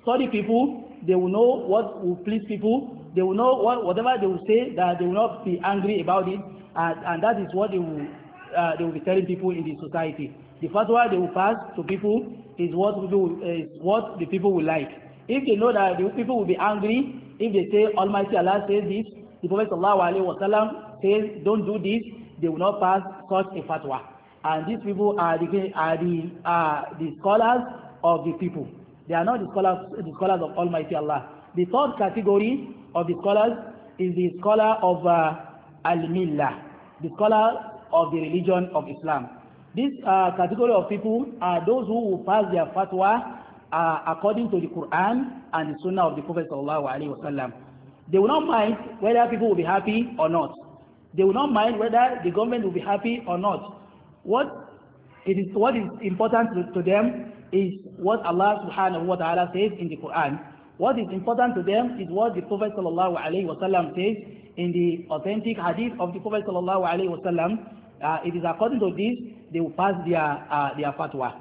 study people, they will know what will please people, they will know what whatever they will say that they will not be angry about it, and, and that is what they will uh, they will be telling people in the society. The first fatwa they will pass to people is what do, is what the people will like. If they know that the people will be angry, if they say Almighty Allah says this, the Prophet sallallahu says, don't do this, they will not pass such a fatwa. And these people are the, are the, uh, the scholars of the people. They are not the scholars, the scholars of Almighty Allah. The third category of the scholars is the scholar of uh, Al-Millah, the scholar of the religion of Islam. This uh, category of people are those who will pass their fatwa uh, according to the Quran and the Sunnah of the Prophet sallallahu alaihi wasallam. They will not mind whether people will be happy or not. They will not mind whether the government will be happy or not. What it is, what is important to, to them is what Allah subhanahu wa ta'ala says in the Quran. What is important to them is what the Prophet sallallahu alayhi wasallam says in the authentic hadith of the Prophet sallallahu alayhi wasallam. Uh, it is according to this they will pass their uh, their fatwa.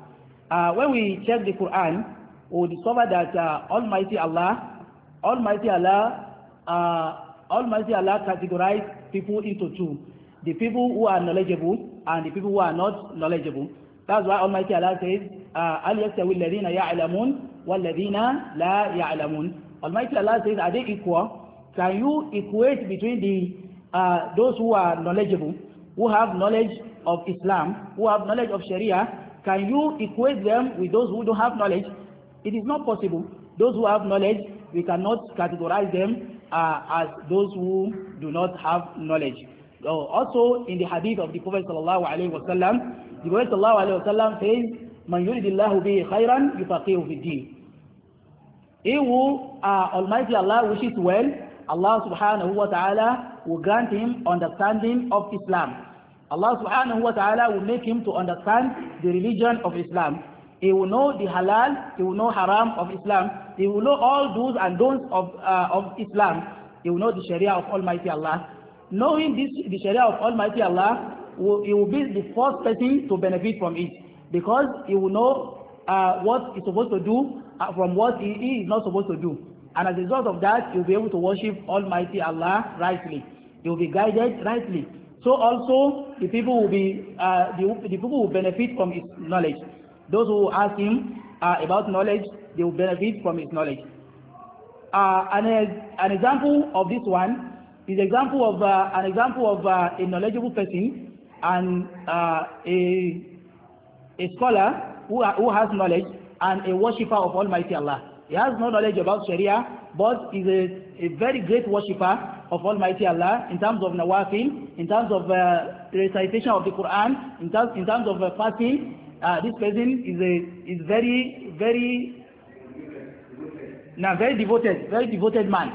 Uh, when we check the Quran, we will discover that uh, Almighty Allah, Almighty Allah uh, Almighty Allah categorized people into two. The people who are knowledgeable and the people who are not knowledgeable. That's why Almighty Allah says, هل يستوي الذين يعلمون والذين لا يعلمون Almighty Allah says, are they equal? Can you equate between the uh, those who are knowledgeable, who have knowledge of Islam, who have knowledge of Sharia, can you equate them with those who don't have knowledge? It is not possible. Those who have knowledge, we cannot categorize them uh, as those who do not have knowledge. So uh, also in the hadith of the Prophet sallallahu alaihi wasallam, the Prophet sallallahu alaihi wasallam says, "Man yuridillahu bihi khairan yufaqihu fi din." He who uh, Almighty Allah wishes well, Allah subhanahu wa ta'ala will grant him understanding of Islam. Allah subhanahu wa ta'ala will make him to understand the religion of Islam. He will know the halal, he will know haram of Islam, He will know all do's and don'ts of, uh, of Islam. He will know the Sharia of Almighty Allah. Knowing this, the Sharia of Almighty Allah, will, he will be the first person to benefit from it because he will know uh, what he's supposed to do uh, from what he, he is not supposed to do. And as a result of that, he will be able to worship Almighty Allah rightly. He will be guided rightly. So also the people will be uh, the, the people will benefit from his knowledge. Those who ask him uh, about knowledge, they will benefit from his knowledge. Uh, an, an example of this one is example of uh, an example of uh, a knowledgeable person and uh, a, a scholar who, uh, who has knowledge and a worshipper of Almighty Allah. He has no knowledge about Sharia, but is a, a very great worshipper of Almighty Allah in terms of nawafil, in terms of recitation of the Quran, in, terms, in terms of fasting, uh, this person is a is very very now very devoted very devoted man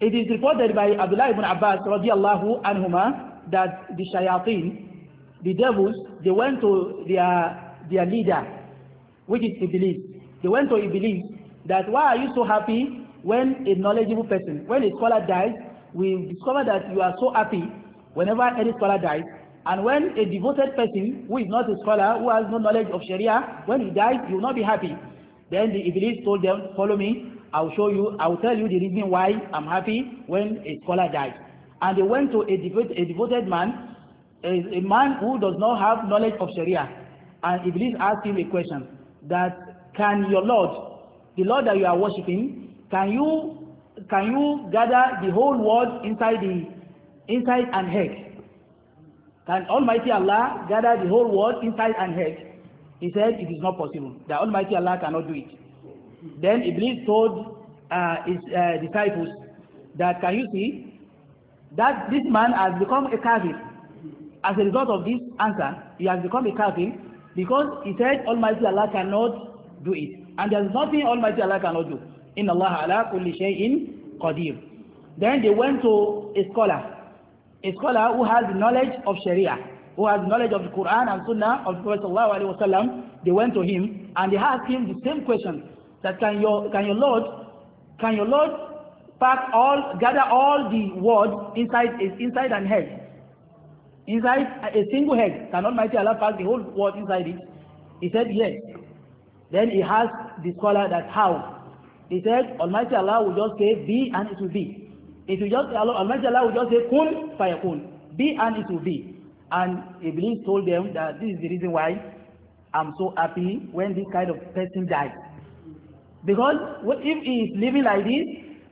it is reported by Abdullah ibn Abbas radiallahu anhuma that the shayateen the devils they went to their their leader which is Iblis they went to Iblis that why are you so happy when a knowledgeable person when a scholar dies we discover that you are so happy whenever any scholar dies And when a devoted person who is not a scholar, who has no knowledge of Sharia, when he dies, he will not be happy. Then the Iblis told them, follow me, I will show you, I will tell you the reason why I'm happy when a scholar dies. And they went to a, devote, a devoted man, a, a man who does not have knowledge of Sharia. And Iblis asked him a question, that can your Lord, the Lord that you are worshipping, can you, can you gather the whole world inside, the, inside an egg? Can Almighty Allah gather the whole world inside and head? He said it is not possible. That Almighty Allah cannot do it. Then Iblis told uh, his uh, disciples that, can you see, that this man has become a kafir. As a result of this answer, he has become a kafir because he said Almighty Allah cannot do it. And there is nothing Almighty Allah cannot do. In Allah ala kulli shay'in qadir. Then they went to a scholar a scholar who has knowledge of Sharia, who has knowledge of the Quran and Sunnah of the Prophet sallallahu alaihi wasallam, they went to him and they asked him the same question that can your can your Lord can your Lord pack all gather all the words inside inside an head inside a single head can Almighty Allah pack the whole world inside it? He said yes. Then he asked the scholar that how. He said Almighty Allah will just say be and it will be. It will just allow, Almighty Allah will just say, cool, fire, cool. Be and it will be. And Iblis told them that this is the reason why I'm so happy when this kind of person dies. Because if he is living like this,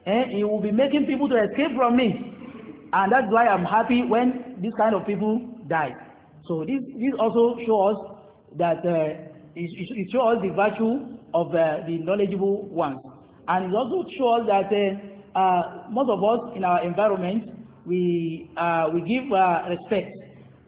eh, he will be making people to escape from me. And that's why I'm happy when this kind of people die. So this, this also shows us that uh, it, it shows us the virtue of uh, the knowledgeable ones. And it also shows that uh, Uh, most of us in our environment, we, uh, we give uh, respect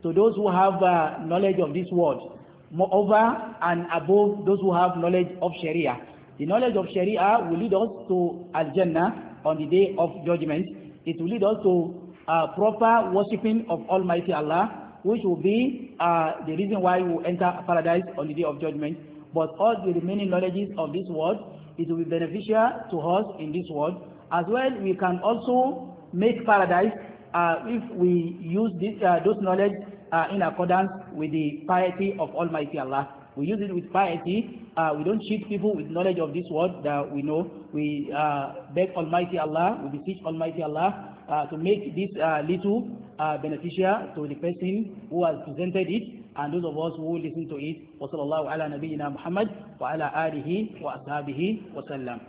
to those who have uh, knowledge of this world, moreover and above those who have knowledge of Sharia. The knowledge of Sharia will lead us to Al-Jannah on the day of judgment. It will lead us to uh, proper worshipping of Almighty Allah, which will be uh, the reason why we enter paradise on the day of judgment. But all the remaining knowledges of this world, it will be beneficial to us in this world As well, we can also make paradise uh, if we use this, uh, those knowledge uh, in accordance with the piety of Almighty Allah. We use it with piety. Uh, we don't cheat people with knowledge of this word that we know. We uh, beg Almighty Allah, we beseech Almighty Allah uh, to make this uh, little uh, beneficial to the person who has presented it and those of us who listen to it. Wa sallallahu ala nabiyyina Muhammad wa ala